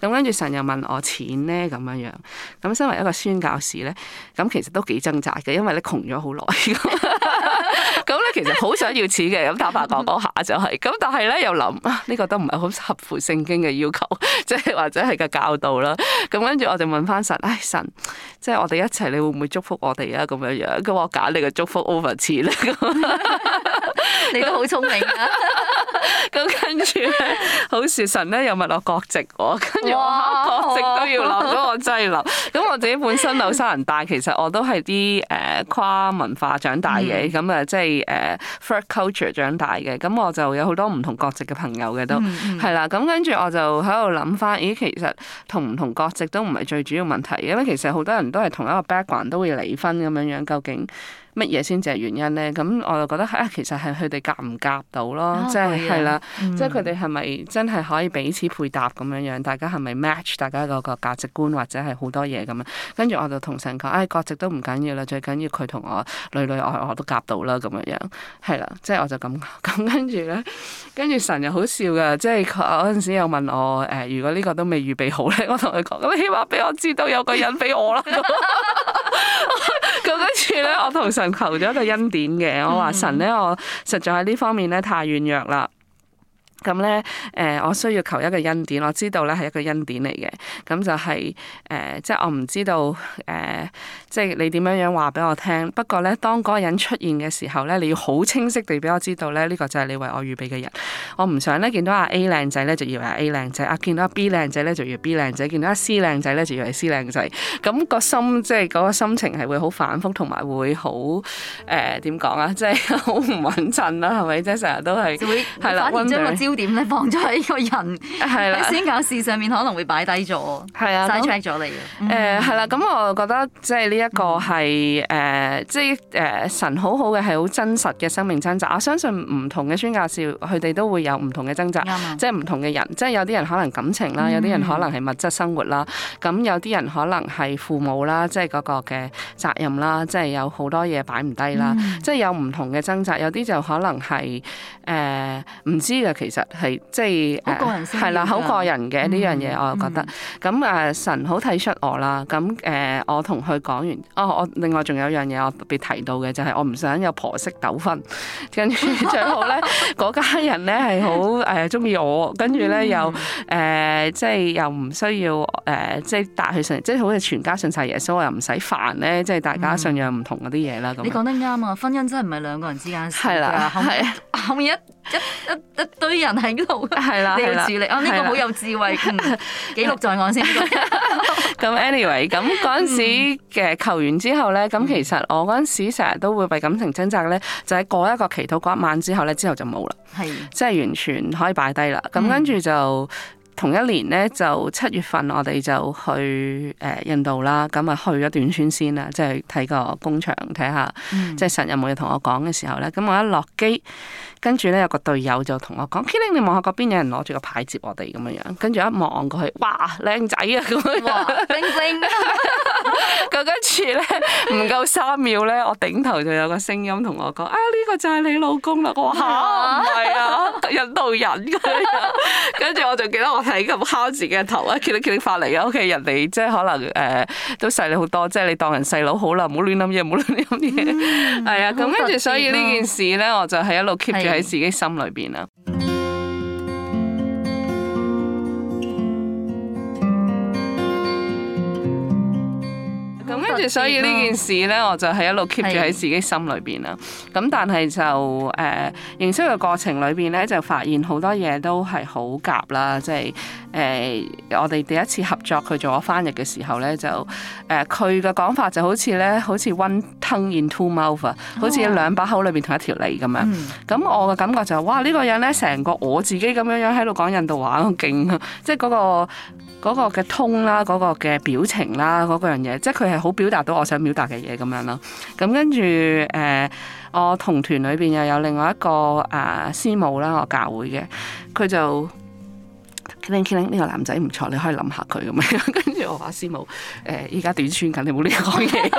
咁跟住神又問我錢咧咁樣樣，咁身為一個宣教士咧，咁其實都幾掙扎嘅，因為咧窮咗好耐，咁咧 <laughs> 其實好想要錢嘅，咁坦白講講下就係、是，咁但係咧又諗呢、這個都唔係好合乎聖經嘅要求，即係或者係個教導啦。咁跟住我哋問翻神，唉、哎、神，即係我哋一齊，你會唔會祝福我哋啊？咁樣樣，咁我揀你嘅祝福 over 錢啦， <laughs> <laughs> 你都好聰明啊。咁跟住咧，好少神咧又問我國籍喎。哇！國籍都要留我，嗰個真係留。咁我自己本身紐 <laughs> 西蘭大，其實我都係啲誒跨文化長大嘅，咁誒、嗯、即係誒 Third Culture 長大嘅。咁我就有好多唔同國籍嘅朋友嘅都係啦。咁跟住我就喺度諗翻，咦？其實同唔同國籍都唔係最主要問題，因為其實好多人都係同一個 background 都會離婚咁樣樣，究竟乜嘢先至係原因咧？咁我就覺得啊、哎，其實係佢哋夾唔夾到咯，哦、即係係啦，啊嗯、即係佢哋係咪真係可以彼此配搭咁樣樣？大家係咪 match？大家個個價值觀或者係好多嘢咁樣。跟住我就同神講：唉、哎，國籍都唔緊要啦，最緊要佢同我內內外外都夾到啦，咁樣樣係啦。即係我就咁講，咁跟住咧，跟、嗯、住神又好笑㗎，即係嗰陣時又問我：誒、呃，如果呢個都未預備好咧，我同佢講：咁你起碼俾我知道有個人俾我啦。 <laughs> <laughs> 咁 <laughs> 跟住咧，我同神求咗一個恩典嘅。 <laughs> 我話神咧，我實在喺呢方面咧太軟弱啦。咁咧，誒、嗯，我需要求一個恩典，我知道咧係一個恩典嚟嘅。咁、嗯、就係、是、誒、呃，即係我唔知道，誒、呃，即係你點樣樣話俾我聽。不過咧，當嗰個人出現嘅時候咧，你要好清晰地俾我知道咧，呢、這個就係你為我預備嘅人。我唔想咧見到阿 A 靚仔咧就以為係 A 靚仔，見到阿 B 靚仔咧就以為 B 靚仔，見到阿 C 靚仔咧就以為係 C 靚仔。咁、嗯、個、嗯、心即係嗰個心情係會好反覆，同埋會好誒點講啊？即係好唔穩陣啦，係咪？即係成日都係，就會係啦，點咧 <music> 放咗喺個人？係啦，宣教士上面可能會擺低咗，係啊的，嘥 check 咗你誒係啦。咁我覺得即係呢一個係誒，即係誒神好好嘅係好真實嘅生命掙扎。我相信唔同嘅宣教士，佢哋都會有唔同嘅掙扎，即係唔同嘅人，即係有啲人可能感情啦，有啲人可能係物質生活啦。咁 <music> 有啲人可能係父母啦，即係嗰個嘅責任啦，即係有好多嘢擺唔低啦，即係 <music> 有唔同嘅掙扎。有啲就可能係誒唔知嘅，其實。係即係，係啦，好個人嘅呢樣嘢，um, 我覺得。咁、嗯、誒，uh, 神好體恤我啦。咁、嗯、誒，我同佢講完。哦，我另外仲有一樣嘢我特別提到嘅，就係、是、我唔想有婆媳糾紛。跟住最好咧，嗰家人咧係、呃、好誒鍾意我，跟住咧又誒即係又唔需要誒即係帶佢信，即係好似全家信曬耶穌，我又唔使煩咧，即係大家信仰唔同嗰啲嘢啦。咁、um, 你講得啱啊！婚姻真係唔係兩個人之間先㗎了的，後面後面一一一一堆人，人。 <laughs> 人喺呢度嘅，的你要自力的啊，呢、這個好有智慧。記的、嗯、錄在案先。咁、這個、 <laughs> anyway，咁嗰陣時嘅求完之後咧，咁、嗯、其實我嗰陣時成日都會為感情掙扎咧，就喺、是、過一個祈禱一晚之後咧，之後就冇啦，的即係完全可以擺低啦。咁跟住就同一年咧，就七月份我哋就去誒印度啦，咁啊去咗短村先啦，即係睇個工場，睇下、嗯、即係神有冇嘢同我講嘅時候咧，咁我一落機。跟住咧有個隊友就同我講：Killing，你望下嗰邊有人攞住個牌接我哋咁樣樣。跟住一望過去，嘩啊、哇，靚仔啊咁樣喎，冰冰。咁跟住咧唔夠三秒咧，我頂頭就有個聲音同我講：啊、哎、呢、呢個就係你老公啦！我話嚇，唔係啊，印度人跟住 <laughs> <laughs> 我就記得我係咁敲自己嘅頭啊！Killing，Killing 發嚟嘅屋企人哋即係可能誒都細你好多，即係你當人細佬好啦，唔好亂諗嘢，唔好亂諗嘢。係啊、嗯，咁跟住所以呢件事咧，我就係一路 keep。住喺自己心裏邊啦。咁跟住，所以呢件事咧， <laughs> 我就係一路 keep 住喺自己心裏邊啦。咁的但係就誒認識嘅過程裏邊咧，就發現好多嘢都係好夾啦，即係。誒，我哋第一次合作佢做我翻譯嘅時候咧，就誒佢嘅講法就好似咧，好似 one tongue in two mouth、oh、好似兩把口裏邊同一條脷咁樣。咁、mm. 我嘅感覺就係、是、哇，呢、這個人咧成個我自己咁樣這樣喺度講印度話，勁啊、 <laughs> 那個那個那個那個！即係嗰個嘅通啦，嗰個嘅表情啦，嗰個樣嘢，即係佢係好表達到我想表達嘅嘢咁樣咯。咁跟住誒、呃，我同團裏邊又有另外一個誒、啊、師母啦，我教會嘅，佢就。呢個男仔唔錯，你可以諗下佢咁樣。 <laughs> 跟住我話師母，誒依家短穿緊，你冇呢個講嘢。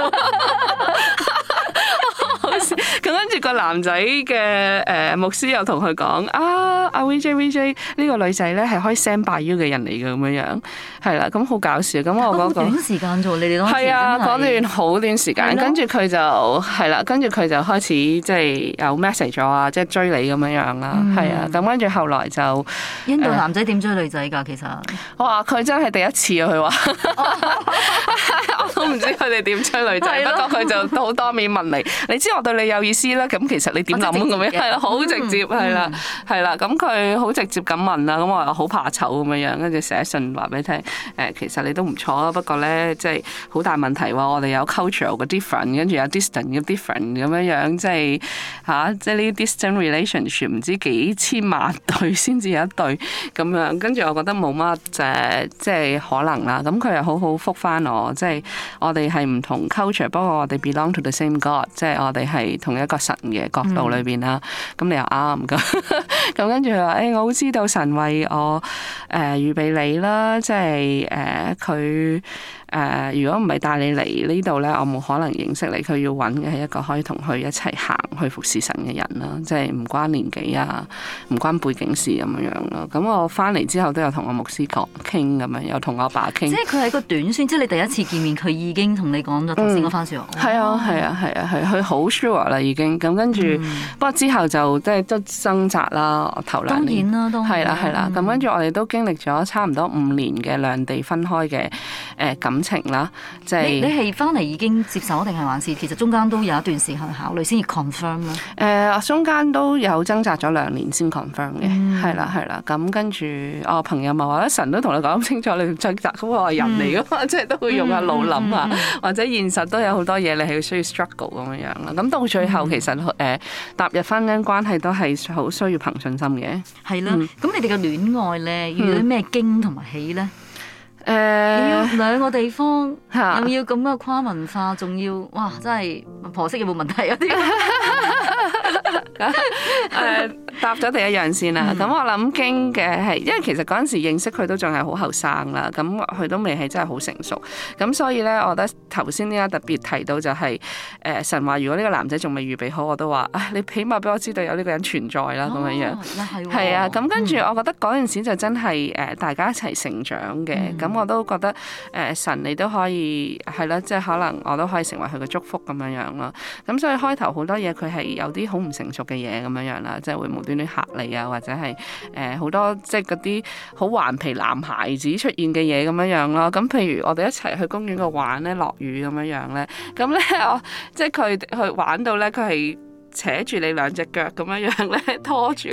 咁跟住個男仔嘅誒牧師又同佢講啊。阿 v j v j 呢個女仔咧係開 send 八 U 嘅人嚟嘅咁樣樣，係啦，咁好搞笑。咁我講個短時間啫，你哋係啊，講段好短時間。跟住佢就係啦，跟住佢就開始即係有 message 咗啊，即係追你咁樣樣啦，係啊。咁跟住後來就印度男仔點追女仔噶？其實我話，佢真係第一次啊！佢話我都唔知佢哋點追女仔，不過佢就好多面問你。你知我對你有意思啦，咁其實你點諗咁樣？係啦，好直接，係啦，係啦，咁。佢好直接咁問啦，咁我話好怕醜咁樣樣，跟住寫信話俾你聽，誒其實你都唔錯啊，不過咧即係好大問題喎，我哋有 cultural 嘅 different，跟住有 distance 嘅 different 咁樣樣，即係嚇、啊，即係呢啲 distance relationship 唔知幾千萬對先至有一對咁樣，跟住我覺得冇乜誒，即係可能啦。咁佢又好好覆翻我，即係我哋係唔同 culture，不過我哋 belong to the same God，即係我哋係同一個神嘅角度裏邊啦。咁、嗯、你又啱嘅，咁 <laughs> 跟就、哎、我好知道神為我誒預、呃、備你啦，即係誒佢。呃誒，如果唔係帶你嚟呢度咧，我冇可能認識你。佢要揾嘅係一個可以同佢一齊行去服侍神嘅人啦，即係唔關年紀啊，唔關背景事咁樣咯。咁我翻嚟之後都有同我牧師講傾咁樣，又同我爸傾。即係佢係個短線，即係你第一次見面，佢已經同你講咗頭先嗰番話。係、嗯、啊，係啊，係啊，係、啊。佢好 sure 啦，已經。咁跟住，嗯、不過之後就即係都掙扎啦，頭兩年。當然啦，都係啦，係啦、啊。咁、啊啊嗯嗯、跟住我哋都經歷咗差唔多五年嘅兩地分開嘅誒、呃呃嗯感情啦，即係你係翻嚟已經接受，定係還是，還是其實中間都有一段時間考慮先至 confirm 咧？誒、呃，中間都有掙扎咗兩年先 confirm 嘅，係啦、嗯，係啦。咁跟住，我、哦、朋友咪話咧，神都同你講清楚，你再揀。咁我係人嚟嘅嘛，嗯、即係都會用下腦諗啊，嗯嗯或者現實都有好多嘢，你係需要 struggle 咁樣樣啦。咁到最後，其實誒、嗯呃、踏入婚姻關係都係好需要憑信心嘅，係啦的。咁、嗯、你哋嘅戀愛咧，遇到啲咩驚同埋喜咧？要、uh, 兩個地方，又要咁嘅跨文化，仲要哇，真係婆媳有冇問題啊啲？ <laughs> <laughs> <laughs> uh. 答咗第一樣先啦，咁、嗯、我諗驚嘅係，因為其實嗰陣時認識佢都仲係好後生啦，咁佢都未係真係好成熟，咁所以咧，我覺得頭先呢啱特別提到就係、是，誒神話如果呢個男仔仲未預備好，我都話，唉、啊，你起碼俾我知道有呢個人存在啦，咁樣樣。係、哦、啊，咁跟住我覺得嗰陣時就真係誒大家一齊成長嘅，咁、嗯、我都覺得誒、嗯、神你都可以係咯，即係可能我都可以成為佢嘅祝福咁樣樣啦。咁所以開頭好多嘢佢係有啲好唔成熟嘅嘢咁樣樣啦，即、就、係、是、會無端。啲客嚟啊，或者係誒好多即係嗰啲好頑皮男孩子出現嘅嘢咁樣樣咯。咁譬如我哋一齊去公園度玩咧，落雨咁樣樣咧。咁咧我即係佢去玩到咧，佢係。扯住你兩隻腳咁樣樣咧，拖住，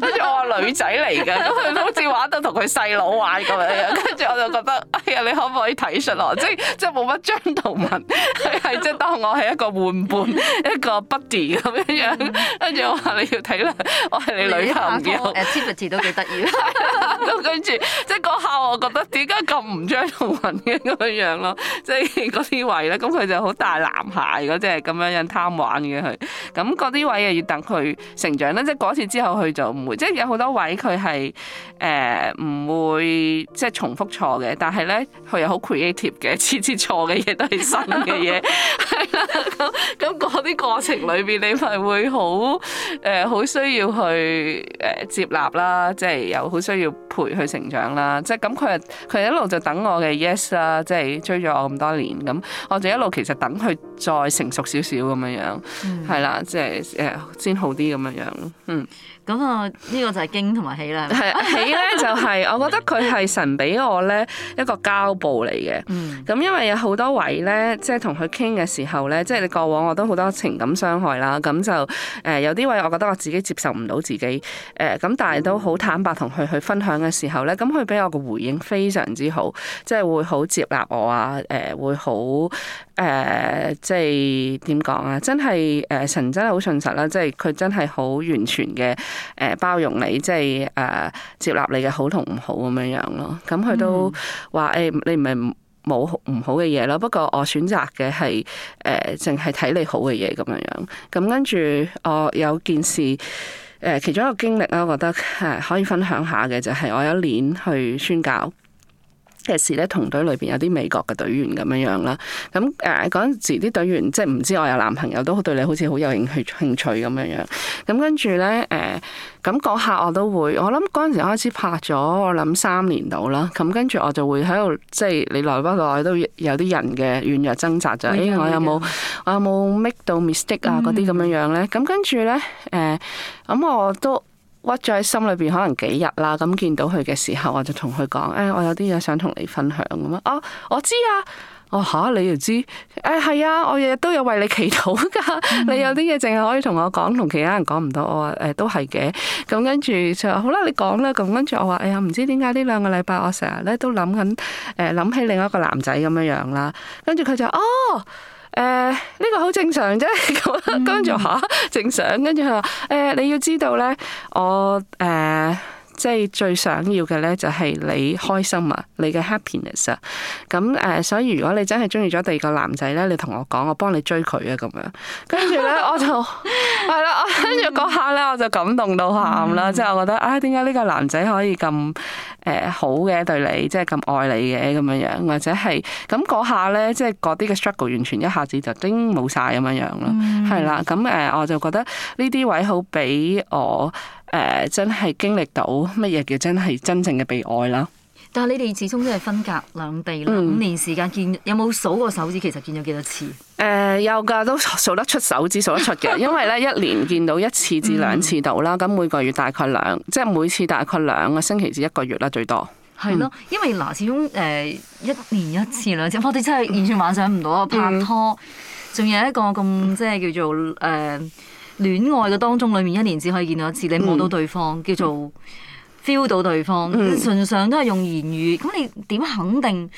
跟住我話女仔嚟㗎，咁佢 <laughs> 好似玩得同佢細佬玩咁樣樣，跟住我就覺得，哎呀，你可唔可以體恤我？即係即係冇乜張圖文，佢係即係當我係一個玩伴， <laughs> 一個 buddy 咁樣樣，跟住我話你要睇啦，我係你女朋友。 <laughs> 拖拖嘅 activity 都幾得意，咁跟住即係嗰下我覺得點解咁唔張圖文嘅咁樣樣咯？即係嗰啲位咧，咁佢就好大男孩嗰隻咁樣樣貪玩嘅佢，咁啲位又要等佢成長啦，即係次之後佢就唔會，即係有好多位佢係誒唔會即係重複錯嘅，但係咧佢又好 creative 嘅，次次錯嘅嘢都係新嘅嘢，係啦。咁啲過程裏邊，你咪會好誒好需要去誒接納啦，即係又好需要陪佢成長啦。即係咁佢係佢一路就等我嘅 yes 啦，即係追咗我咁多年，咁我就一路其實等佢再成熟少少咁樣樣係啦，即係。誒、誒、先好啲咁樣樣。嗯。咁啊，呢、那個這個就係驚同埋喜啦。係喜咧、就是，就係 <laughs> 我覺得佢係神俾我咧一個膠布嚟嘅。嗯。咁因為有好多位咧，即係同佢傾嘅時候咧，即係你過往我都好多情感傷害啦。咁就誒、呃、有啲位，我覺得我自己接受唔到自己。誒、呃、咁，但係都好坦白同佢去分享嘅時候咧，咁佢俾我個回應非常之好，即係會好接納我啊。誒、呃、會好誒、呃，即係點講啊？真係誒、呃、神真係好信實啦，即係佢真係好完全嘅。誒，包容你，即係誒、啊，接納你嘅好同唔好咁樣樣咯。咁佢都話誒、mm hmm. 欸，你唔係冇唔好嘅嘢咯。不過我選擇嘅係誒，淨係睇你好嘅嘢咁樣樣。咁跟住我有件事，誒、呃，其中一個經歷啦，我覺得誒可以分享下嘅就係我有一年去宣教，嘅事咧，同隊裏邊有啲美國嘅隊員咁樣樣啦，咁誒嗰陣時啲隊員即係唔知我有男朋友，都對你好似好有興趣興趣咁樣樣，咁跟住咧誒，咁嗰刻我都會，我諗嗰陣時開始拍咗，我諗三年到啦，咁跟住我就會喺度，即係你來不來都有啲人嘅軟弱掙扎的就，咦、欸，我有冇的我有冇 make 到 mistake 啊、嗯？嗰啲咁樣樣咧，咁跟住咧誒，咁我都。屈咗喺心裏邊可能幾日啦，咁見到佢嘅時候我就同佢講：誒、哎，我有啲嘢想同你分享咁啊！我知，啊，啊，知、哎、啊，哦，嚇你又知？誒係啊，我日日都有為你祈禱㗎。嗯、你有啲嘢淨係可以同我講，同其他人講唔到。我話誒、哎、都係嘅，咁跟住就話好啦，你講啦。咁跟住我話：哎呀，唔知點解呢兩個禮拜我成日咧都諗緊誒，諗起另一個男仔咁樣樣啦。跟住佢就哦。誒，呢個好正常啫，跟住吓正常，跟住佢話，誒，你要知道咧，我誒即係最想要嘅咧就係你開心啊，你嘅 happiness 啊，咁誒，所以如果你真係中意咗第二個男仔咧，你同我講，我幫你追佢啊，咁樣，跟住咧我就係啦，跟住嗰下咧我就感動到喊啦，即係 <laughs> 我覺得啊，點解呢個男仔可以咁？誒好嘅對你，即係咁愛你嘅咁樣樣，或者係咁嗰下咧，即係嗰啲嘅 struggle 完全一下子就已經冇晒咁樣樣咯，係啦、嗯。咁誒我就覺得呢啲位好俾我誒、呃、真係經歷到乜嘢叫真係真正嘅被愛啦。但係你哋始終都係分隔兩地，嗯、五年時間見有冇數過手指？其實見咗幾多次？誒、呃、有噶，都數，數得出手指數得出嘅。 <laughs> 因為咧一年見到一次至兩次到啦。咁、嗯、每個月大概兩，即係每次大概兩個星期至一個月啦，最多。係咯，因為嗱，嗯、始終誒、呃、一年一次兩次，我哋真係完全幻想唔到啊！拍拖，仲、嗯、有一個咁即係叫做誒戀愛嘅當中，裡面一年只可以見到一次，你冇到對方叫做。Feel 到對方，mm. 純上都係用言語。咁你點肯定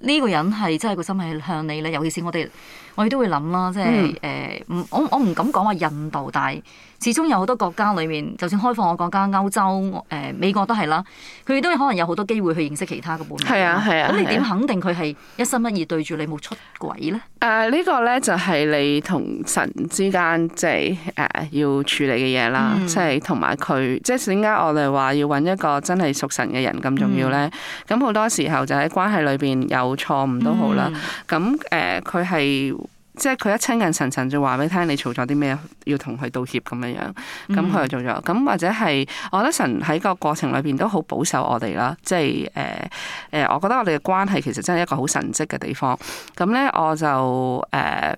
呢個人係真係個心係向你咧？尤其是我哋，我哋都會諗啦，即係誒，唔、mm. 呃，我我唔敢講話印度，但係。始終有好多國家裏面，就算開放嘅國家，歐洲、誒、呃、美國都係啦，佢都可能有好多機會去認識其他嘅伴侶。係啊，係啊。咁你點肯定佢係一心一意對住你冇出軌咧？誒、呃，這個、呢個咧就係、是、你同神之間即係誒要處理嘅嘢啦，即係同埋佢，即係點解我哋話要搵一個真係屬神嘅人咁重要咧？咁好、嗯、多時候就喺關係裏邊有錯誤都好啦，咁誒佢係。呃即係佢一親近神神，就話俾你聽，你做咗啲咩，要同佢道歉咁樣樣。咁佢又做咗咁，或者係我覺得神喺個過程裏邊都好保守我哋啦。即係誒誒，我覺得我哋嘅關係其實真係一個好神蹟嘅地方。咁咧，我就誒。呃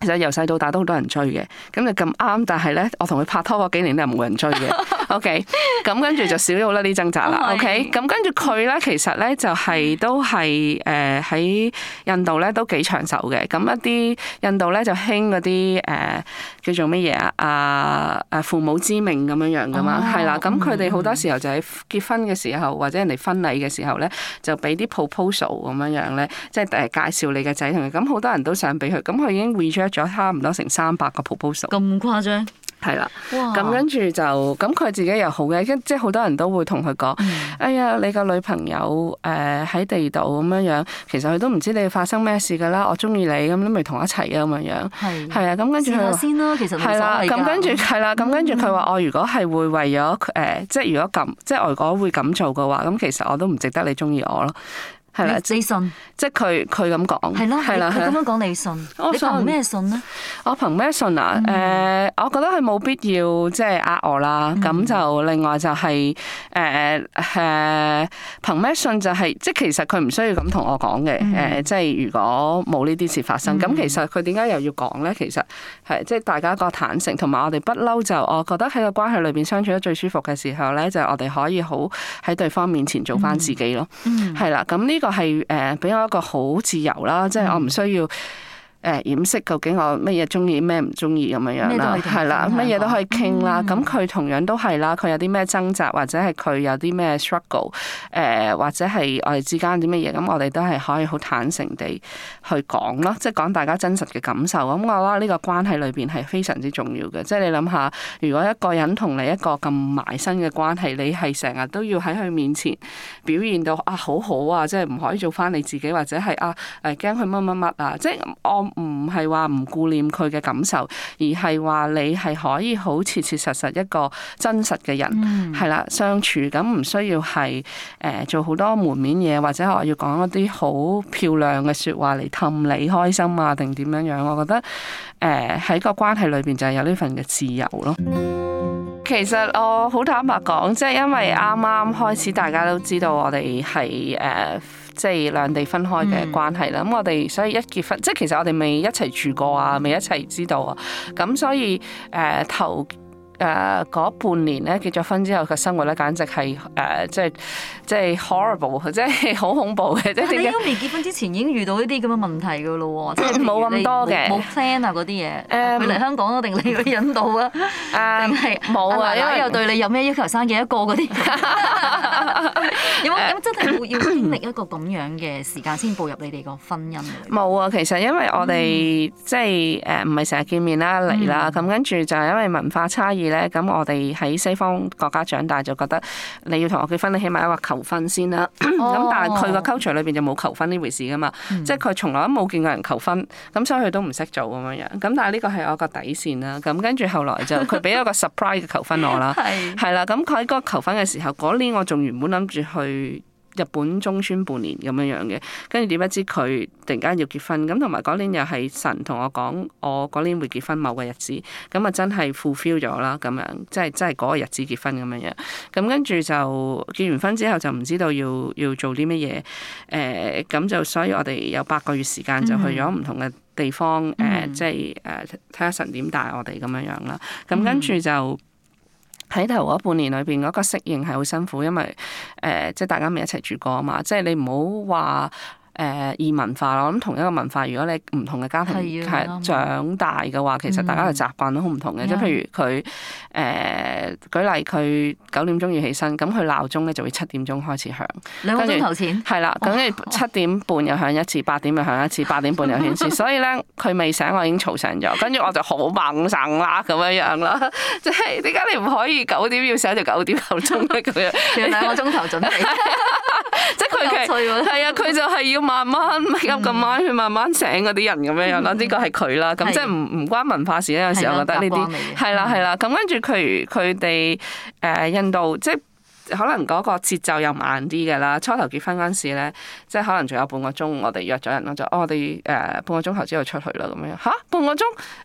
其實由細到大都好多人追嘅，咁就咁啱，但係咧我同佢拍拖嗰幾年咧冇人追嘅 <laughs> ，OK，咁跟住就少咗呢啲掙扎啦、oh、my，OK，咁跟住佢咧其實咧就係都係誒喺印度咧都幾長壽嘅，咁一啲印度咧就興嗰啲誒。呃叫做乜嘢啊？啊誒父母之命咁樣樣㗎嘛，係啦，oh。咁佢哋好多時候就喺結婚嘅時候，或者人哋婚禮嘅時候咧，就俾啲 proposal 咁樣樣咧，即係誒介紹你嘅仔同佢。咁好多人都想俾佢，咁佢已經 reject 咗差唔多成三百個 proposal。咁誇張？係啦，咁哇跟住就咁佢自己又好嘅，跟即係好多人都會同佢講，嗯、哎呀，你個女朋友誒喺、呃、地度咁樣樣，其實佢都唔知你發生咩事噶啦，我中意你咁，你咪同我一齊啊咁樣樣，係啊的，咁的跟住佢先咯，其實係啦，咁跟住係啦，咁跟住佢話我如果係會為咗誒、呃，即係如果咁，即係我如果會咁做嘅話，咁其實我都唔值得你中意我咯。係啦，即信，即係佢佢咁講，係咯，係啦，佢咁樣講你信，你憑咩信呢？我憑咩信啊？誒，我覺得佢冇必要即係呃我啦。咁就另外就係誒誒，憑咩信就係即係其實佢唔需要咁同我講嘅。誒，即係如果冇呢啲事發生，咁其實佢點解又要講咧？其實係即係大家個坦誠，同埋我哋不嬲就，我覺得喺個關係裏邊相處得最舒服嘅時候咧，就我哋可以好喺對方面前做翻自己咯。嗯，係啦，咁呢個。係誒，俾我一個好自由啦，即係我唔需要。誒掩飾究竟我乜嘢中意咩唔中意咁樣樣啦，係啦，乜嘢都，的都可以傾啦。咁佢的、嗯、同樣都係啦，佢有啲咩掙扎或者係佢有啲咩 struggle，誒、呃、或者係我哋之間啲乜嘢，咁我哋都係可以好坦誠地去講咯，即係講大家真實嘅感受。咁我覺得呢個關係裏邊係非常之重要嘅。即係你諗下，如果一個人同你一個咁埋身嘅關係，你係成日都要喺佢面前表現到啊好好啊，即係唔可以做返你自己，或者係啊誒驚佢乜乜乜啊，乜乜乜即係我。唔係話唔顧念佢嘅感受，而係話你係可以好切切實實一個真實嘅人，係啦，相處咁唔需要係誒、呃、做好多門面嘢，或者我要講一啲好漂亮嘅説話嚟氹你開心啊，定點樣樣？我覺得誒喺、呃、個關係裏邊就係有呢份嘅自由咯。其實我好坦白講，即係因為啱啱開始，大家都知道我哋係誒。呃即係兩地分開嘅關係啦，咁、嗯、我哋所以一結婚，即係其實我哋未一齊住過啊，未一齊知道啊，咁所以誒、呃、頭。誒嗰、uh, 半年咧結咗婚之後嘅生活咧，簡直係誒即、uh, 係、就、即、是、係、就是、horrible，即 <laughs> 係好恐怖嘅。即係你都未結婚之前已經遇到呢啲咁嘅問題㗎啦喎，即係冇咁多嘅，冇 friend 啊嗰啲嘢。誒，嚟香港啊定你引導、uh, 啊？誒，冇啊，因為又對你有咩要求生幾一個嗰啲？ <coughs> 有冇咁真係要經歷一個咁樣嘅時間先步入你哋個婚姻？冇啊，其實因為我哋即係誒唔係成日見面啦嚟啦，咁跟住就係因為文化差異。Mm. 咧，咁我哋喺西方國家長大就覺得你要同我結婚，你起碼要話求婚先啦。咁 <coughs> 但係佢個 culture 裏邊就冇求婚呢回事噶嘛，哦、即係佢從來都冇見過人求婚，咁所以佢都唔識做咁樣樣。咁但係呢個係我個底線啦。咁跟住後來就佢俾咗個 surprise 嘅求婚我嚇，係啦 <laughs> 是。咁佢喺個求婚嘅時候，嗰年我仲原本諗住去。日本中村半年咁樣樣嘅，跟住點不知佢突然間要結婚，咁同埋嗰年又係神同我講，我嗰年會結婚某個日子，咁啊真係 fulfill 咗啦，咁樣即係即係嗰個日子結婚咁樣樣，咁跟住就結完婚之後就唔知道要要做啲乜嘢，誒咁就所以我哋有八個月時間就去咗唔同嘅地方，誒、mm hmm. 呃、即係誒睇下神點帶我哋咁樣樣啦，咁跟住就。喺頭嗰半年裏邊，嗰個適應係好辛苦，因為誒，即係大家未一齊住過啊嘛，即係你唔好話。誒異文化咯，咁同一個文化，如果你唔同嘅家庭係長大嘅話，其實大家嘅習慣都好唔同嘅。即係譬如佢誒、呃、舉例，佢九點鐘要起身，咁佢鬧鐘咧就會七點鐘開始響，兩個鐘頭前係啦，跟住七點半又響一次，八點又響一次，八點半又響一次。所以咧，佢未醒我已經嘈醒咗，跟住我就好猛曬啦咁樣樣啦。即係點解你唔可以九點要醒到九點鬧鐘咁樣？ <laughs> 要兩個鐘頭準備， <laughs> <laughs> 即係佢其，佢 <laughs> <laughs> 就係要。慢慢咁咁耐，去慢慢醒嗰啲人咁樣樣，呢個係佢啦。咁的即係唔唔關文化事呢？的有時候我覺得呢啲係啦，係啦。咁跟住佢佢哋誒印度即係。可能嗰個節奏又慢啲嘅啦，初頭結婚嗰陣時咧，即係可能仲有半個鐘、哦，我哋約咗人咯，uh, 就我哋誒半個鐘頭之後出去啦咁樣。嚇、啊，半個鐘？誒、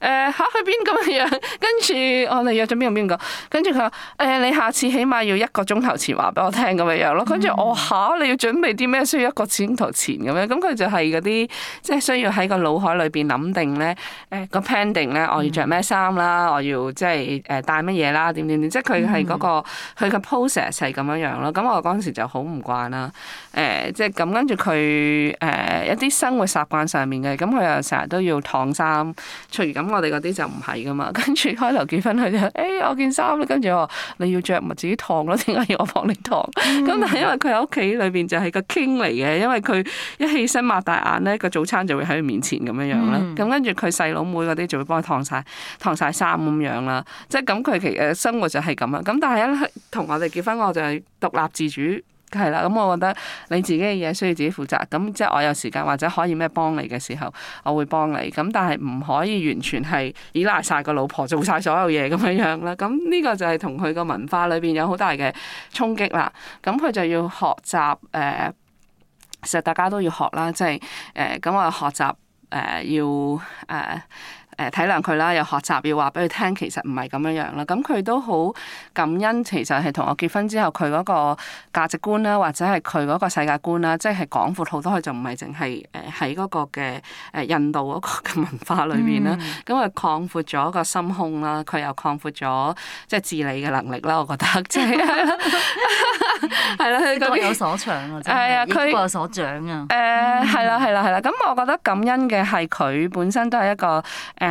uh, 嚇、啊、去邊咁樣樣？跟住我哋約咗邊個邊個？跟住佢話誒你下次起碼要一個鐘頭前話俾我聽咁樣樣咯。跟住我嚇、啊、你要準備啲咩？需要一個鐘頭前咁樣。咁佢就係嗰啲即係需要喺個腦海裏邊諗定咧，誒、嗯嗯嗰個 planning 咧，我要着咩衫啦，我要即係誒帶乜嘢啦，點點點。即係佢係嗰個佢嘅、嗯、process 咁樣樣咯，咁我嗰陣時就好唔慣啦。誒、呃，即係咁跟住佢誒一啲生活習慣上面嘅，咁佢又成日都要燙衫。隨咁我哋嗰啲就唔係噶嘛。跟住開頭結婚佢就誒、欸、我件衫，跟住我，你要着咪自己燙咯，點解要我幫你燙？咁、嗯、但係因為佢喺屋企裏邊就係個 king 嚟嘅，因為佢一起身擘大眼咧，個早餐就會喺佢面前咁樣樣啦。咁、嗯、跟住佢細佬妹嗰啲就會幫佢燙晒、燙晒衫咁樣啦。即係咁佢其誒生活就係咁啦。咁但係一同我哋結婚嗰陣。獨立自主係啦，咁我覺得你自己嘅嘢需要自己負責。咁即係我有時間或者可以咩幫你嘅時候，我會幫你。咁但係唔可以完全係依賴晒個老婆做晒所有嘢咁樣樣啦。咁呢個就係同佢個文化裏邊有好大嘅衝擊啦。咁佢就要學習誒，其、呃、實大家都要學啦，即係誒咁啊，呃、我學習誒、呃、要誒。呃誒體諒佢啦，又學習要話俾佢聽，其實唔係咁樣樣啦。咁佢都好感恩，其實係同我結婚之後，佢嗰個價值觀啦，或者係佢嗰個世界觀啦，即係廣闊好多。佢就唔係淨係誒喺嗰個嘅誒印度嗰個嘅文化裏面啦。咁佢擴闊咗個心胸啦，佢又擴闊咗即係自理嘅能力啦。我覺得即係係啦，佢各有所長啊，係。係啊，佢各有所長啊。誒，係啦，係啦，係啦。咁我覺得感恩嘅係佢本身都係一個誒。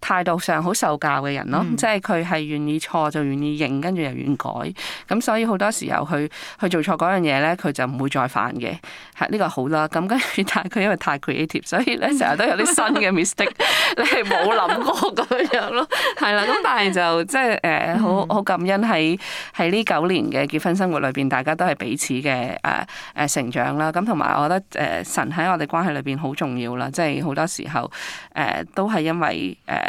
態度上好受教嘅人咯，嗯、即係佢係願意錯就願意認，跟住又願意改，咁所以好多時候佢去做錯嗰樣嘢咧，佢就唔會再犯嘅，係、這、呢個好啦。咁跟住但係佢因為太 creative，所以咧成日都有啲新嘅 mistake， <laughs> 你係冇諗過咁樣樣咯，係啦。 <laughs> 咁但係就即係誒好好感恩喺喺呢九年嘅結婚生活裏邊，大家都係彼此嘅誒誒成長啦。咁同埋我覺得誒、呃、神喺我哋關係裏邊好重要啦，即係好多時候誒、呃、都係因為誒。呃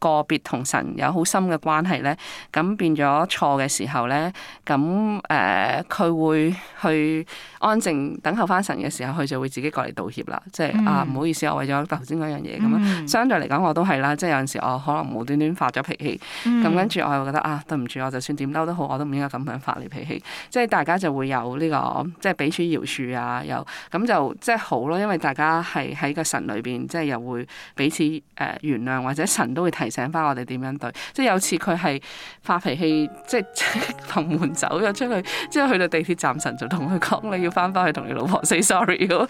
個別同神有好深嘅關係咧，咁變咗錯嘅時候咧，咁誒佢會去安靜等候翻神嘅時候，佢就會自己過嚟道歉啦。即係啊，唔好意思，我為咗頭先嗰樣嘢咁樣。嗯、相對嚟講，我都係啦。即係有陣時，我可能無端端發咗脾氣，咁、嗯、跟住我又覺得啊，對唔住，我就算點嬲都好，我都唔應該咁樣發你脾氣。即係大家就會有呢、呢個，即係彼此饒恕啊，又咁就即係好咯。因為大家係喺個神裏邊，即係又會彼此誒原諒，或者神都會提醒。醒翻我哋點樣對，即係有次佢係發脾氣，即係同門走咗出去，之後去到地鐵站，神就同佢講：你要翻翻去同你老婆 say sorry 咁。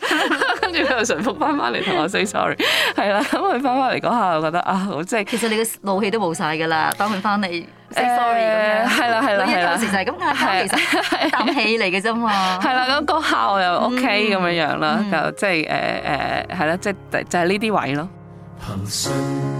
跟住佢神複翻翻嚟，同我 say sorry，係啦。咁佢翻翻嚟嗰下，我覺得啊，即係其實你嘅怒氣都冇晒噶啦，當佢翻嚟 say sorry 嘅樣、 <laughs> 嗯，係啦係啦係啦，有啲有時就係咁簡單，其實氹氣嚟嘅啫嘛。係啦、 <laughs> 嗯，咁嗰下我又 OK 咁樣樣啦，就即係誒誒係咯，即係就係呢啲位咯。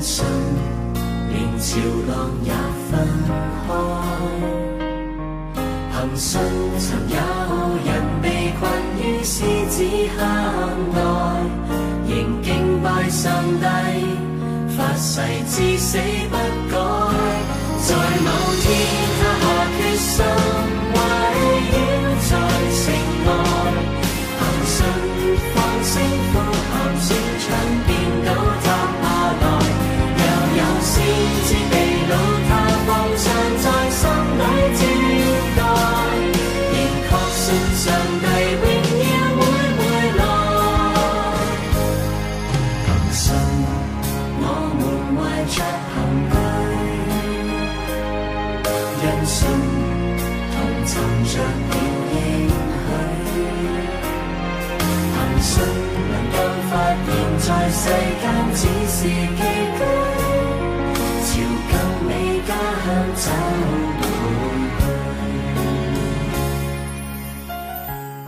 信連潮浪也分開，憑信曾有人被困於獅子坑內，仍敬拜上帝，發誓至死不改，在某天他下決心。是寄朝更美家鄉走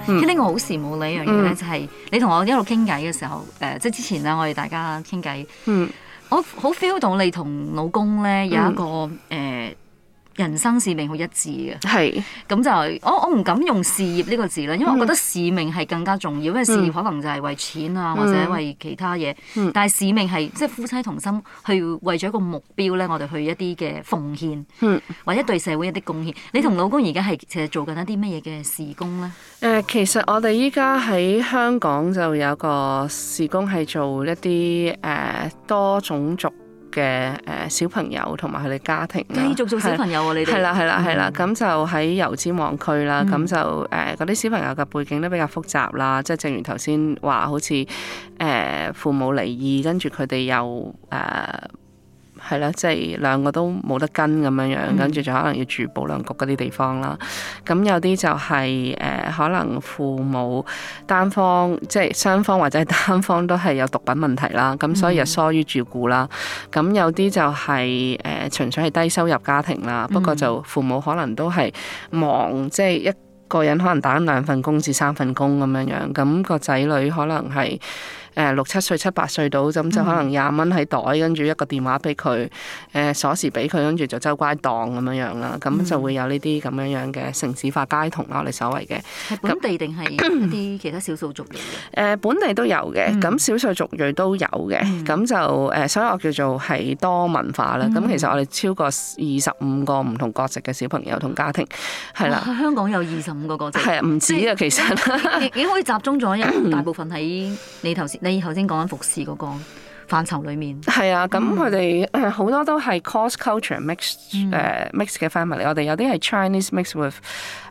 過去。其實我好羨慕你一樣嘢咧，就係你同我一路傾偈嘅時候，誒、呃，即係之前咧，我哋大家傾偈，嗯、我好 feel 到你同老公咧有一個誒、嗯呃人生使命好一致嘅，咁是就我我唔敢用事業呢個字咧，因為我覺得使命係更加重要，因為事業可能就係為錢啊，嗯、或者為其他嘢，嗯、但係使命係即係夫妻同心去為咗一個目標咧，我哋去一啲嘅奉獻，嗯、或者對社會一啲貢獻。你同老公而家係其實做緊一啲乜嘢嘅事工咧？誒、呃，其實我哋依家喺香港就有個事工係做一啲誒、呃、多種族嘅誒、呃、小朋友同埋佢哋家庭繼、啊、續做，做小朋友喎、啊，是你哋係啦係啦係啦，咁、嗯、就喺遊尖望區油尖旺區啦，咁就誒嗰啲小朋友嘅背景都比較複雜啦，即係正如頭先話，好似誒、呃、父母離異，跟住佢哋又誒。呃係啦，即係兩個都冇得跟咁樣樣，跟住、嗯、就可能要住保良局嗰啲地方啦。咁有啲就係、是、誒、呃，可能父母單方即係雙方或者係單方都係有毒品問題啦。咁所以又疏於照顧啦。咁、嗯、有啲就係、是、誒、呃，純粹係低收入家庭啦。不過就父母可能都係忙，即係、嗯、一個人可能打兩份工至三份工咁樣樣。咁、個仔女可能係。誒六七歲、七八歲到，咁就可能廿蚊喺袋，跟住一個電話俾佢，誒鎖匙俾佢，跟住就周街盪咁樣樣啦，咁就會有呢啲咁樣樣嘅城市化街童啦，我哋所謂嘅。係本地定係啲其他少數族裔？誒本地都有嘅，咁少數族裔都有嘅，咁就誒，所以我叫做係多文化啦。咁其實我哋超過二十五個唔同國籍嘅小朋友同家庭，係啦。香港有二十五個國籍？係啊，唔止啊，其實。已經可以集中咗大部分喺你頭先。頭先講緊服侍嗰個範疇裏面係啊，咁佢哋好多都係 cross culture mix 誒、uh, mix 嘅 family。我哋有啲係 Chinese mixed with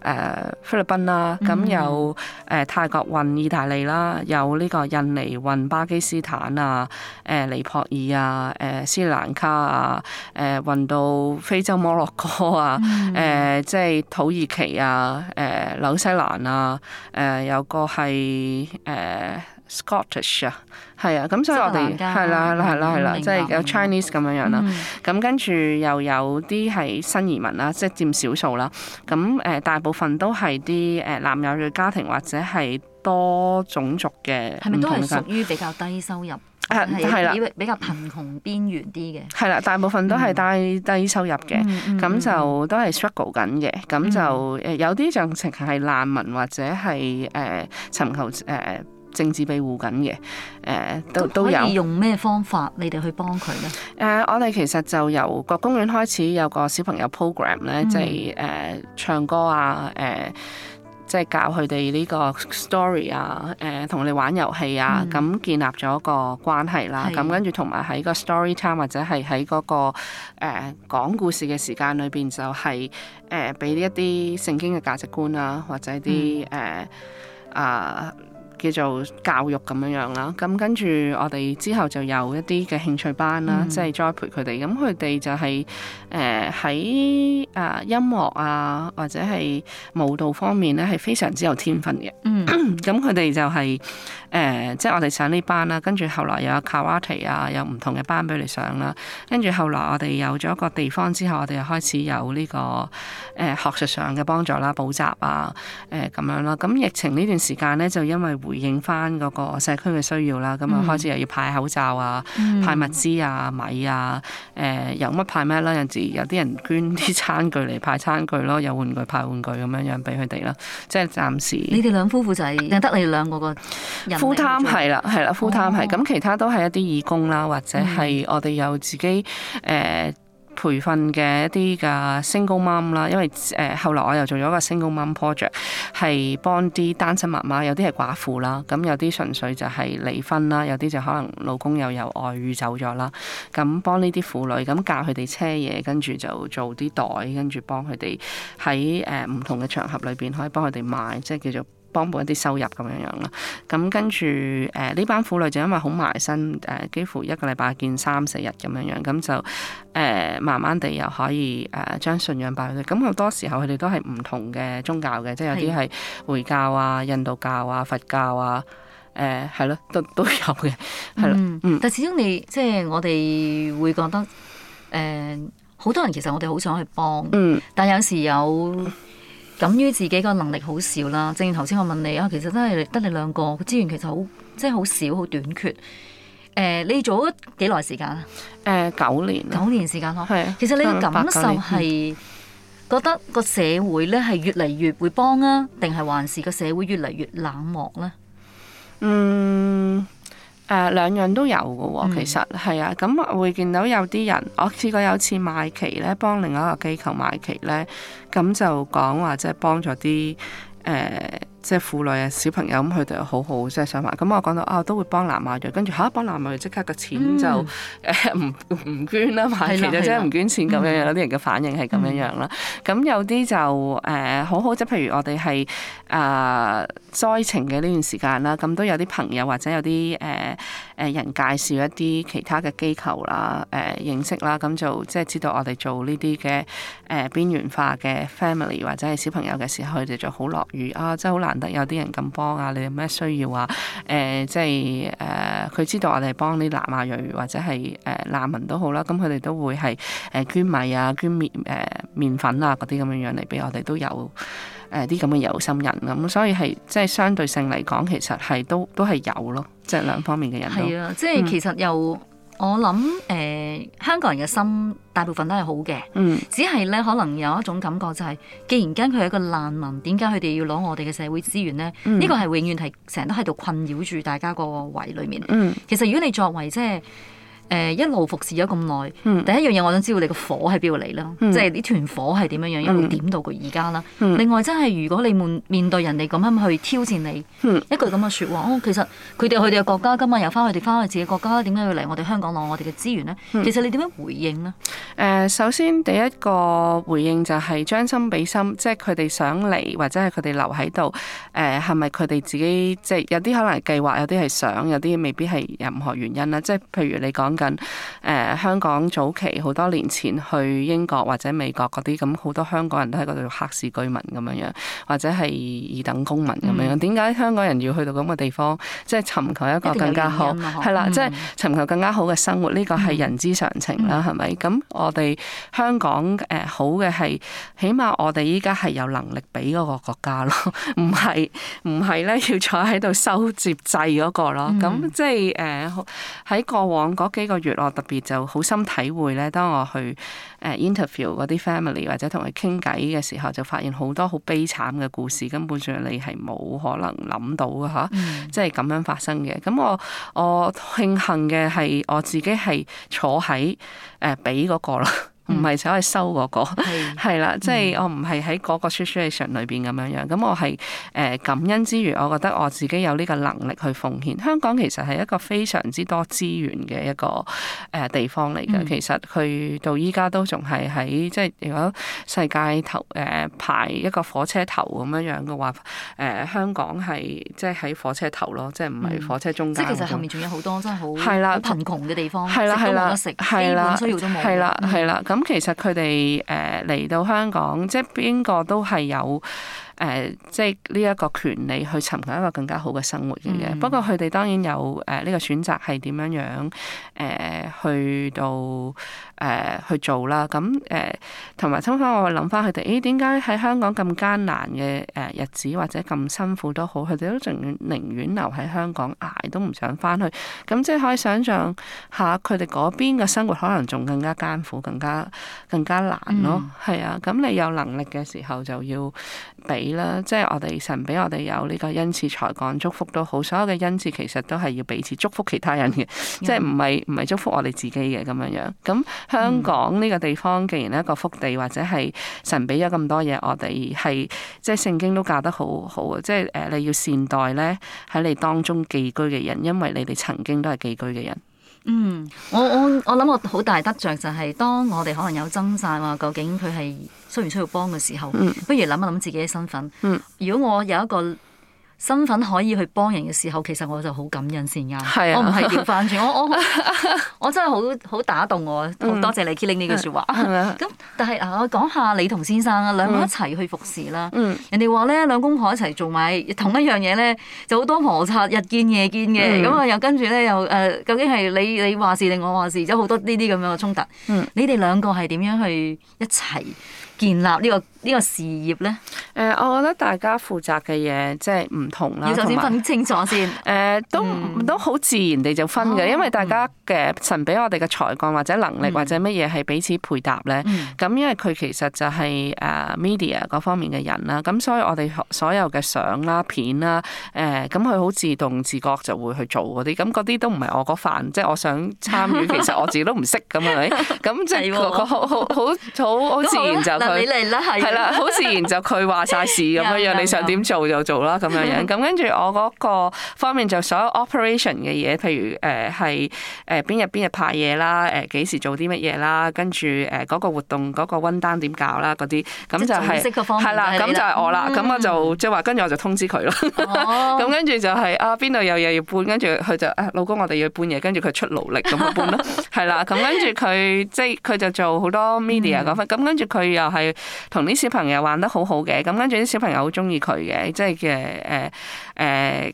誒、uh, 菲律賓啦，咁有誒、uh, 泰國運意大利啦，有呢個印尼運巴基斯坦啊，誒尼泊爾啊，誒斯里蘭卡啊，誒運到非洲摩洛哥啊，誒、啊、即係土耳其啊，誒紐西蘭啊，誒有個係誒。啊 Scottish 啊，係啊，咁所以我哋而家係啦，係啦，係啦，係啦，即係有 Chinese 咁樣樣啦。咁跟住又有啲係新移民啦，即係佔少數啦。咁誒，大部分都係啲誒單有嘅家庭或者係多種族嘅，係咪都係屬於比較低收入，係係啦，比較貧窮邊緣啲嘅係啦，大部分都係低低收入嘅，咁就都係 struggle 緊嘅，咁就誒有啲暫時係難民或者係誒尋求誒。政治庇護緊嘅，誒、呃、都都有用咩方法？你哋去幫佢咧？誒、呃，我哋其實就由個公園開始有個小朋友 program 咧、嗯，即係誒唱歌啊，誒即係教佢哋呢個 story 啊，誒、呃、同你玩遊戲啊，咁、嗯、建立咗一個關係啦。咁是跟住同埋喺個 story time 或者係喺嗰個誒、呃、講故事嘅時間裏邊、就是，就係誒俾一啲聖經嘅價值觀啊，或者啲誒啊。嗯叫做教育咁樣樣啦，咁跟住我哋之後就有一啲嘅興趣班啦，嗯、即係栽培佢哋，咁佢哋就係、是。誒喺啊音樂啊或者係舞蹈方面咧係非常之有天分嘅。嗯、mm.，咁佢哋就係、是、誒、呃，即係我哋上呢班啦。跟住後來又有 karate 啊，有唔同嘅班俾你上啦。跟住後來我哋有咗一個地方之後，我哋又開始有呢、這個誒、呃、學術上嘅幫助啦、補習啊、誒、呃、咁樣啦。咁疫情呢段時間咧，就因為回應翻嗰個社區嘅需要啦，咁啊開始又要派口罩啊、mm. 派物資啊、米啊、誒、呃、由乜派咩啦，人家人家有啲人捐啲餐具嚟派餐具咯，有玩具派玩具，咁樣樣俾佢哋啦，即係暫時。你哋兩夫婦就淨得你哋兩個個 full time 係啦，係啦 full time 係，咁、哦、其他都係一啲義工啦，或者係我哋有自己誒。呃培訓嘅一啲嘅 single mom 啦，因為誒、呃，後來我又做咗個 single mom project，係幫啲單親媽媽，有啲係寡婦啦，咁有啲純粹就係離婚啦，有啲就可能老公又有外遇走咗啦，咁幫呢啲婦女，咁教佢哋車嘢，跟住就做啲袋，跟住幫佢哋喺誒唔同嘅場合裏邊可以幫佢哋賣，即係叫做。幫補一啲收入咁樣樣啦，咁跟住誒呢班婦女就因為好埋身誒、呃，幾乎一個禮拜見三四日咁樣樣，咁就誒、呃、慢慢地又可以誒、呃、將信仰擺俾佢，咁好多時候佢哋都係唔同嘅宗教嘅，即係有啲係回教啊、印度教啊、佛教啊，誒係咯，都都有嘅，係啦。嗯嗯、但始終你即係、就是、我哋會覺得誒好、呃、多人其實我哋好想去幫，嗯、但有時有。敢於自己個能力好少啦，正如頭先我問你啊，其實真係得你兩個資源其實好，即係好少，好短缺。誒、呃，你做咗幾耐時間啊？誒、呃，九年，九年時間咯。係是。其實你嘅感受係覺得個社會咧係越嚟越會幫啊，定係還是個社會越嚟越冷漠咧？嗯。誒兩、uh, 樣都有嘅喎、哦，其實係、嗯、啊，咁會見到有啲人，我試過有次賣旗咧，幫另一個機構賣旗咧，咁就講話即係幫咗啲誒。即係婦女啊、小朋友咁，佢哋好好即係想買。咁我講到啊，都會幫南、嗯、で <laughs> 亞裔。跟住吓幫南亞裔，即刻個錢就誒唔唔捐啦買，其實即係唔捐錢咁樣樣了了有啲人嘅反應係咁樣樣啦。咁對了有啲就誒、呃、好好，即譬如我哋係啊災情嘅呢段時間啦，咁都有啲朋友或者有啲誒誒人介紹一啲其他嘅機構啦、誒、呃、認識啦，咁就即係知道我哋做呢啲嘅誒邊緣化嘅 family 或者係小朋友嘅時候，佢哋就好落雨啊，即係好難得有啲人咁幫啊！你有咩需要啊？誒、呃，即係誒，佢、呃、知道我哋幫啲南亞裔或者係誒難民都好啦。咁佢哋都會係誒捐米啊、捐麵誒麵粉啊嗰啲咁嘅樣嚟俾我哋，都有誒啲咁嘅有心人咁。所以係即係相對性嚟講，其實係都都係有咯，即係兩方面嘅人都係啊。即係其實又。嗯。我諗誒、呃，香港人嘅心大部分都係好嘅，嗯、只係咧可能有一種感覺就係、是，既然間佢係一個難民，點解佢哋要攞我哋嘅社會資源咧？呢、嗯、個係永遠係成日都喺度困擾住大家個胃裏面。嗯、其實如果你作為即、就、係、是。誒一路服侍咗咁耐，嗯、第一樣嘢我想知道你個火喺邊度嚟啦，嗯、即係呢團火係點樣樣一路點到佢而家啦。嗯、另外真係如果你面對人哋咁樣去挑戰你，嗯、一句咁嘅説話、哦，其實佢哋佢哋嘅國家今日又翻佢哋翻去自己國家，點解要嚟我哋香港攞我哋嘅資源呢？嗯、其實你點樣回應呢？誒、呃，首先第一個回應就係將心比心，即係佢哋想嚟或者係佢哋留喺度，誒係咪佢哋自己即係有啲可能係計劃，有啲係想，有啲未必係任何原因啦。即係譬如你講。近誒、呃、香港早期好多年前去英國或者美國嗰啲，咁好多香港人都喺嗰度黑市居民咁樣樣或者係二等公民咁樣樣，點解香港人要去到咁嘅地方，即係尋求一個更加好，係啦，嗯、即係尋求更加好嘅生活？呢、呢個係人之常情啦，係咪、嗯？咁我哋香港誒好嘅係起碼我哋依家係有能力俾嗰個國家咯，唔係唔係咧，要坐喺度收接濟嗰個咯。咁即係誒喺過往嗰幾。個月我特別就好深體會咧，當我去誒 interview 嗰啲 family 或者同佢傾偈嘅時候，就發現好多好悲慘嘅故事，根本上你係冇可能諗到嘅吓，即係咁樣發生嘅。咁我我慶幸嘅係我自己係坐喺誒俾嗰個啦。唔係，走去收嗰個，係啦，即係我唔係喺嗰個 situation 裏邊咁樣樣。咁我係誒感恩之餘，我覺得我自己有呢個能力去奉獻。香港其實係一個非常之多資源嘅一個誒地方嚟嘅。嗯、其實佢到依家都仲係喺即係如果世界頭誒排一個火車頭咁樣樣嘅話，誒香港係即係喺火車頭咯，即係唔係火車中間。嗯、即係其實後面仲有好多真係好貧窮嘅地方，即係冇得食，基本需要都冇。係啦，係啦，咁。咁其實佢哋誒嚟到香港，即係邊個都係有。誒、呃，即係呢一個權利去尋求一個更加好嘅生活嘅。嗯、不過佢哋當然有誒呢、呃這個選擇係點樣樣誒、呃、去到誒、呃、去做啦。咁誒同埋，充分我諗翻佢哋，咦、欸？點解喺香港咁艱難嘅誒、呃、日子，或者咁辛苦都好，佢哋都仲寧，寧願留喺香港捱都唔想翻去。咁即係可以想像下，佢哋嗰邊嘅生活可能仲更加艱苦、更加更加難咯。係、嗯、啊，咁你有能力嘅時候就要。俾啦，即係我哋神俾我哋有呢個恩賜、才幹祝福都好。所有嘅恩賜其實都係要彼此祝福其他人嘅，即係唔係唔係祝福我哋自己嘅咁樣樣。咁香港呢個地方既然係一個福地，或者係神俾咗咁多嘢，我哋係即係聖經都教得好好啊！即係誒，你要善待咧喺你當中寄居嘅人，因為你哋曾經都係寄居嘅人。嗯，我我我諗我好大得着就係當我哋可能有爭晒話，究竟佢係需唔需要幫嘅時候，嗯、不如諗一諗自己嘅身份。嗯、如果我有一個。身份可以去幫人嘅時候，其實我就好感恩善解。我唔係調翻轉，我我我真係好好打動我。好多謝你 Killing 呢句説、嗯、話。咁但係嗱，我講下你同先生啊，兩個一齊去服侍啦。嗯、人哋話咧，兩公婆一齊做埋同一樣嘢咧，就好多磨擦，日見夜見嘅。咁啊、嗯，又跟住咧又誒，究竟係你你話事定我話事？有好多呢啲咁樣嘅衝突。嗯、你哋兩個係點樣去一齊建立呢、呢個？呢個事業咧？誒、呃，我覺得大家負責嘅嘢即係唔同啦、啊，首先分清楚先，誒都都好自然地就分嘅，因為大家嘅神俾我哋嘅才幹或者能力或者乜嘢係彼此配搭咧。咁、嗯、因為佢其實就係誒 media 嗰方面嘅人啦，咁、嗯、所以我哋所有嘅相啦、片啦，誒咁佢好自動自覺就會去做嗰啲。咁嗰啲都唔係我個範，即係我想參與，其實我自己都唔識咁，係咪？咁即係個好好好好好自然就俾你啦，係。係啦，好自 <laughs> 然就佢話晒事咁樣樣，你想點做就做啦，咁樣樣咁 <laughs> 跟住我個方面就所有 operation 嘅嘢，譬如誒係誒邊日邊日拍嘢啦，誒、呃、幾時做啲乜嘢啦，跟住誒個活動、嗰個溫單點搞啦啲，咁就係係啦，咁就係我啦。咁我就即係話跟住我就通知佢咯。咁、 <laughs> 嗯、跟住就係、是、啊，邊度有嘢要搬，跟住佢就誒、哎、老公，我哋要搬嘢，跟住佢出勞力咁樣搬咯。係啦， <laughs> <laughs> 咁跟住佢即係佢就做好多 media 嗰份，咁、嗯、 <laughs> 跟住佢又係同呢。小朋友玩得好好嘅，咁跟住啲小朋友好中意佢嘅，即係嘅，誒、呃、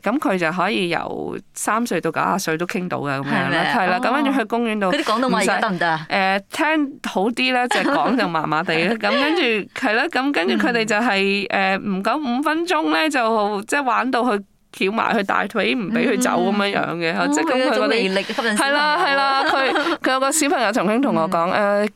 誒，咁、呃、佢就可以由三歲到九啊歲都傾到嘅咁樣啦，係啦，咁跟住去公園度，佢哋講到乜得唔得啊？誒，聽好啲咧，就講、是、就麻麻地咁跟住係咯，咁跟住佢哋就係誒唔夠五分鐘咧，就即係玩到佢翹埋佢大腿，唔俾佢走咁樣、嗯哦、樣嘅，即係咁佢個魅力吸人。係啦係啦，佢佢 <laughs> 有個小朋友曾經同我講誒。嗯 <laughs>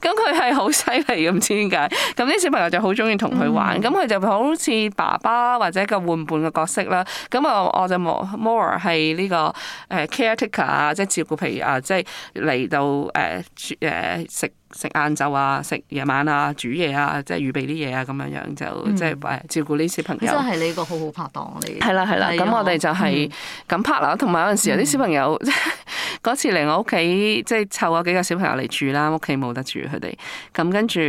咁佢係好犀利，咁唔 <laughs> 知點解，咁啲小朋友就好中意同佢玩，咁佢、嗯、就好似爸爸或者個玩伴嘅角色啦。咁我我就 more 係呢個誒 caretaker 啊，即係照顧，譬如啊，即係嚟到誒誒食食晏晝啊，食夜晚啊，煮嘢啊，即、就、係、是、預備啲嘢啊，咁樣樣就即係、嗯、照顧呢啲小朋友。真係你一個好好拍檔嚟。係啦係啦，咁我哋就係咁 partner，同埋有陣時有啲小朋友。嗯 <laughs> 嗰次嚟我屋企，即係湊我幾個小朋友嚟住啦，屋企冇得住佢哋。咁跟住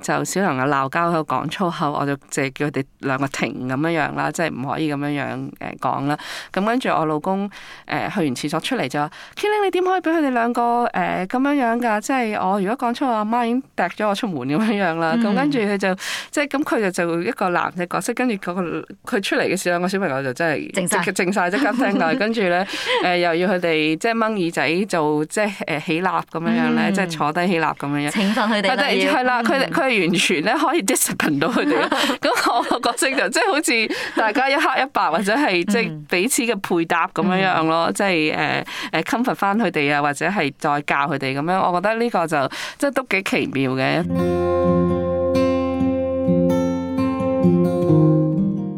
就小朋友鬧交喺度講粗口，我就係叫佢哋兩個停咁樣樣啦，即係唔可以咁樣樣誒講啦。咁跟住我老公誒、呃、去完廁所出嚟就話 Kelly 你點可以俾佢哋兩個誒咁、呃、樣樣噶，即係我如果講粗口，我阿媽已經掟咗我出門咁樣樣啦。咁、嗯、跟住佢就即係咁，佢就就一個男嘅角色，跟住、嗰個佢出嚟嘅時候，兩個小朋友就真係靜晒，靜曬一間。跟住咧誒又要佢哋即係掹耳仔。仔做即係誒起立咁樣樣咧，即係坐低起立咁樣、嗯、樣。請訓佢哋。係啦的，佢哋佢係完全咧可以 discipline 到佢哋。咁我 <laughs> 個角色就即係好似大家一黑一白，或者係即係彼此嘅配搭咁、嗯、樣樣咯。即係誒誒 comfort 翻佢哋啊，或者係再教佢哋咁樣。我覺得呢個就即係都幾奇妙嘅。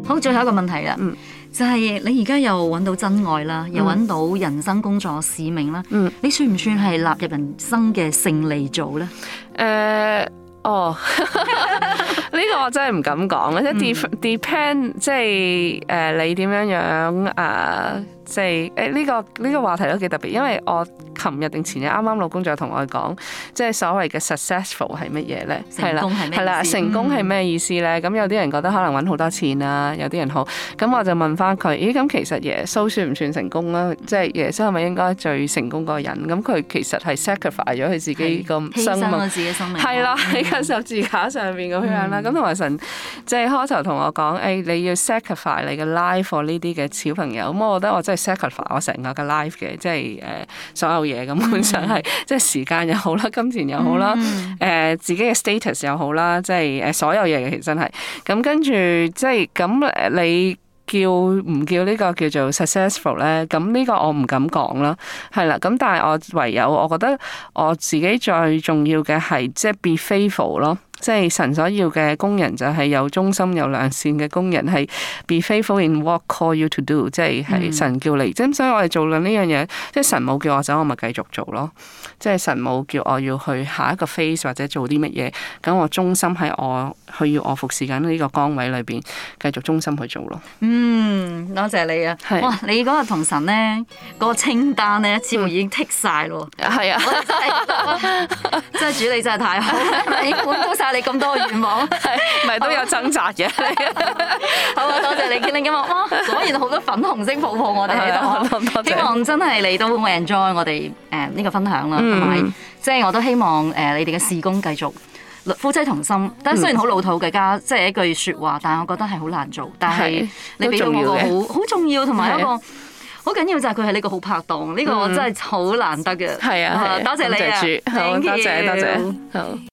好，最後一個問題啦。就係你而家又揾到真愛啦，嗯、又揾到人生工作使命啦，嗯、你算唔算係納入人生嘅勝利組咧？誒、呃，哦，呢 <laughs> 個我真係唔敢講，即係、嗯、de depend，即係誒你點樣樣啊？Uh 即係誒呢個呢、呢個話題都幾特別，因為我琴日定前日啱啱老公就同我講，即係所謂嘅 successful 係乜嘢咧？成功係咩？係啦，成功係咩意思咧？咁、嗯、有啲人覺得可能揾好多錢啊，有啲人好。咁我就問翻佢：咦，咁其實耶穌算唔算成功啊？即係耶穌係咪應該最成功個人？咁佢其實係 sacrifice 咗佢自己個生命，自己生命。係啦，喺個十字架上面咁樣啦。咁同埋神即係開頭同我講：誒、哎，你要 sacrifice 你嘅 life for 呢啲嘅小朋友。咁我覺得我真係。我成個嘅 life 嘅，即係誒所有嘢根本上係，mm hmm. 即係時間又好啦，金錢又好啦，誒、mm hmm. 呃、自己嘅 status 又好啦，即係誒所有嘢其實真係。咁跟住即係咁誒，你叫唔叫呢個叫做 successful 咧？咁呢個我唔敢講啦，係啦。咁但係我唯有，我覺得我自己最重要嘅係即係 be faithful 咯。即係神所要嘅工人就係有忠心有良善嘅工人，係 be faithful in what call you to do，即係喺神叫你，咁所以我哋做緊呢樣嘢，即係神冇叫我走，我咪繼續做咯。即係神冇叫我要去下一個 phase 或者做啲乜嘢，咁我忠心喺我佢要我服侍緊呢個崗位裏邊繼續忠心去做咯。嗯，多謝，謝你啊。是哇，你嗰日同神咧、呢個清單咧似乎已經剔晒咯。係啊、嗯，真係 <laughs> <laughs> 主理真係太好， <laughs> <laughs> 已經管好晒 <laughs> 你咁多願望，係 <laughs> 都有掙扎嘅。 <laughs> <laughs> 好啊，多謝，謝你堅你音樂媽，果然好多粉紅色泡泡我，我哋都希望真係你都會 enjoy 我哋誒呢個分享啦，同埋即係我都希望誒你哋嘅事工繼續夫妻同心。但雖然好老土嘅家，即係、就是、一句説話，但係我覺得係好難做。但係你俾到好好重，重要，同埋一個好緊的要就係佢係呢個好拍檔，呢、這個我真係好難得嘅。係啊，多謝你多謝多謝。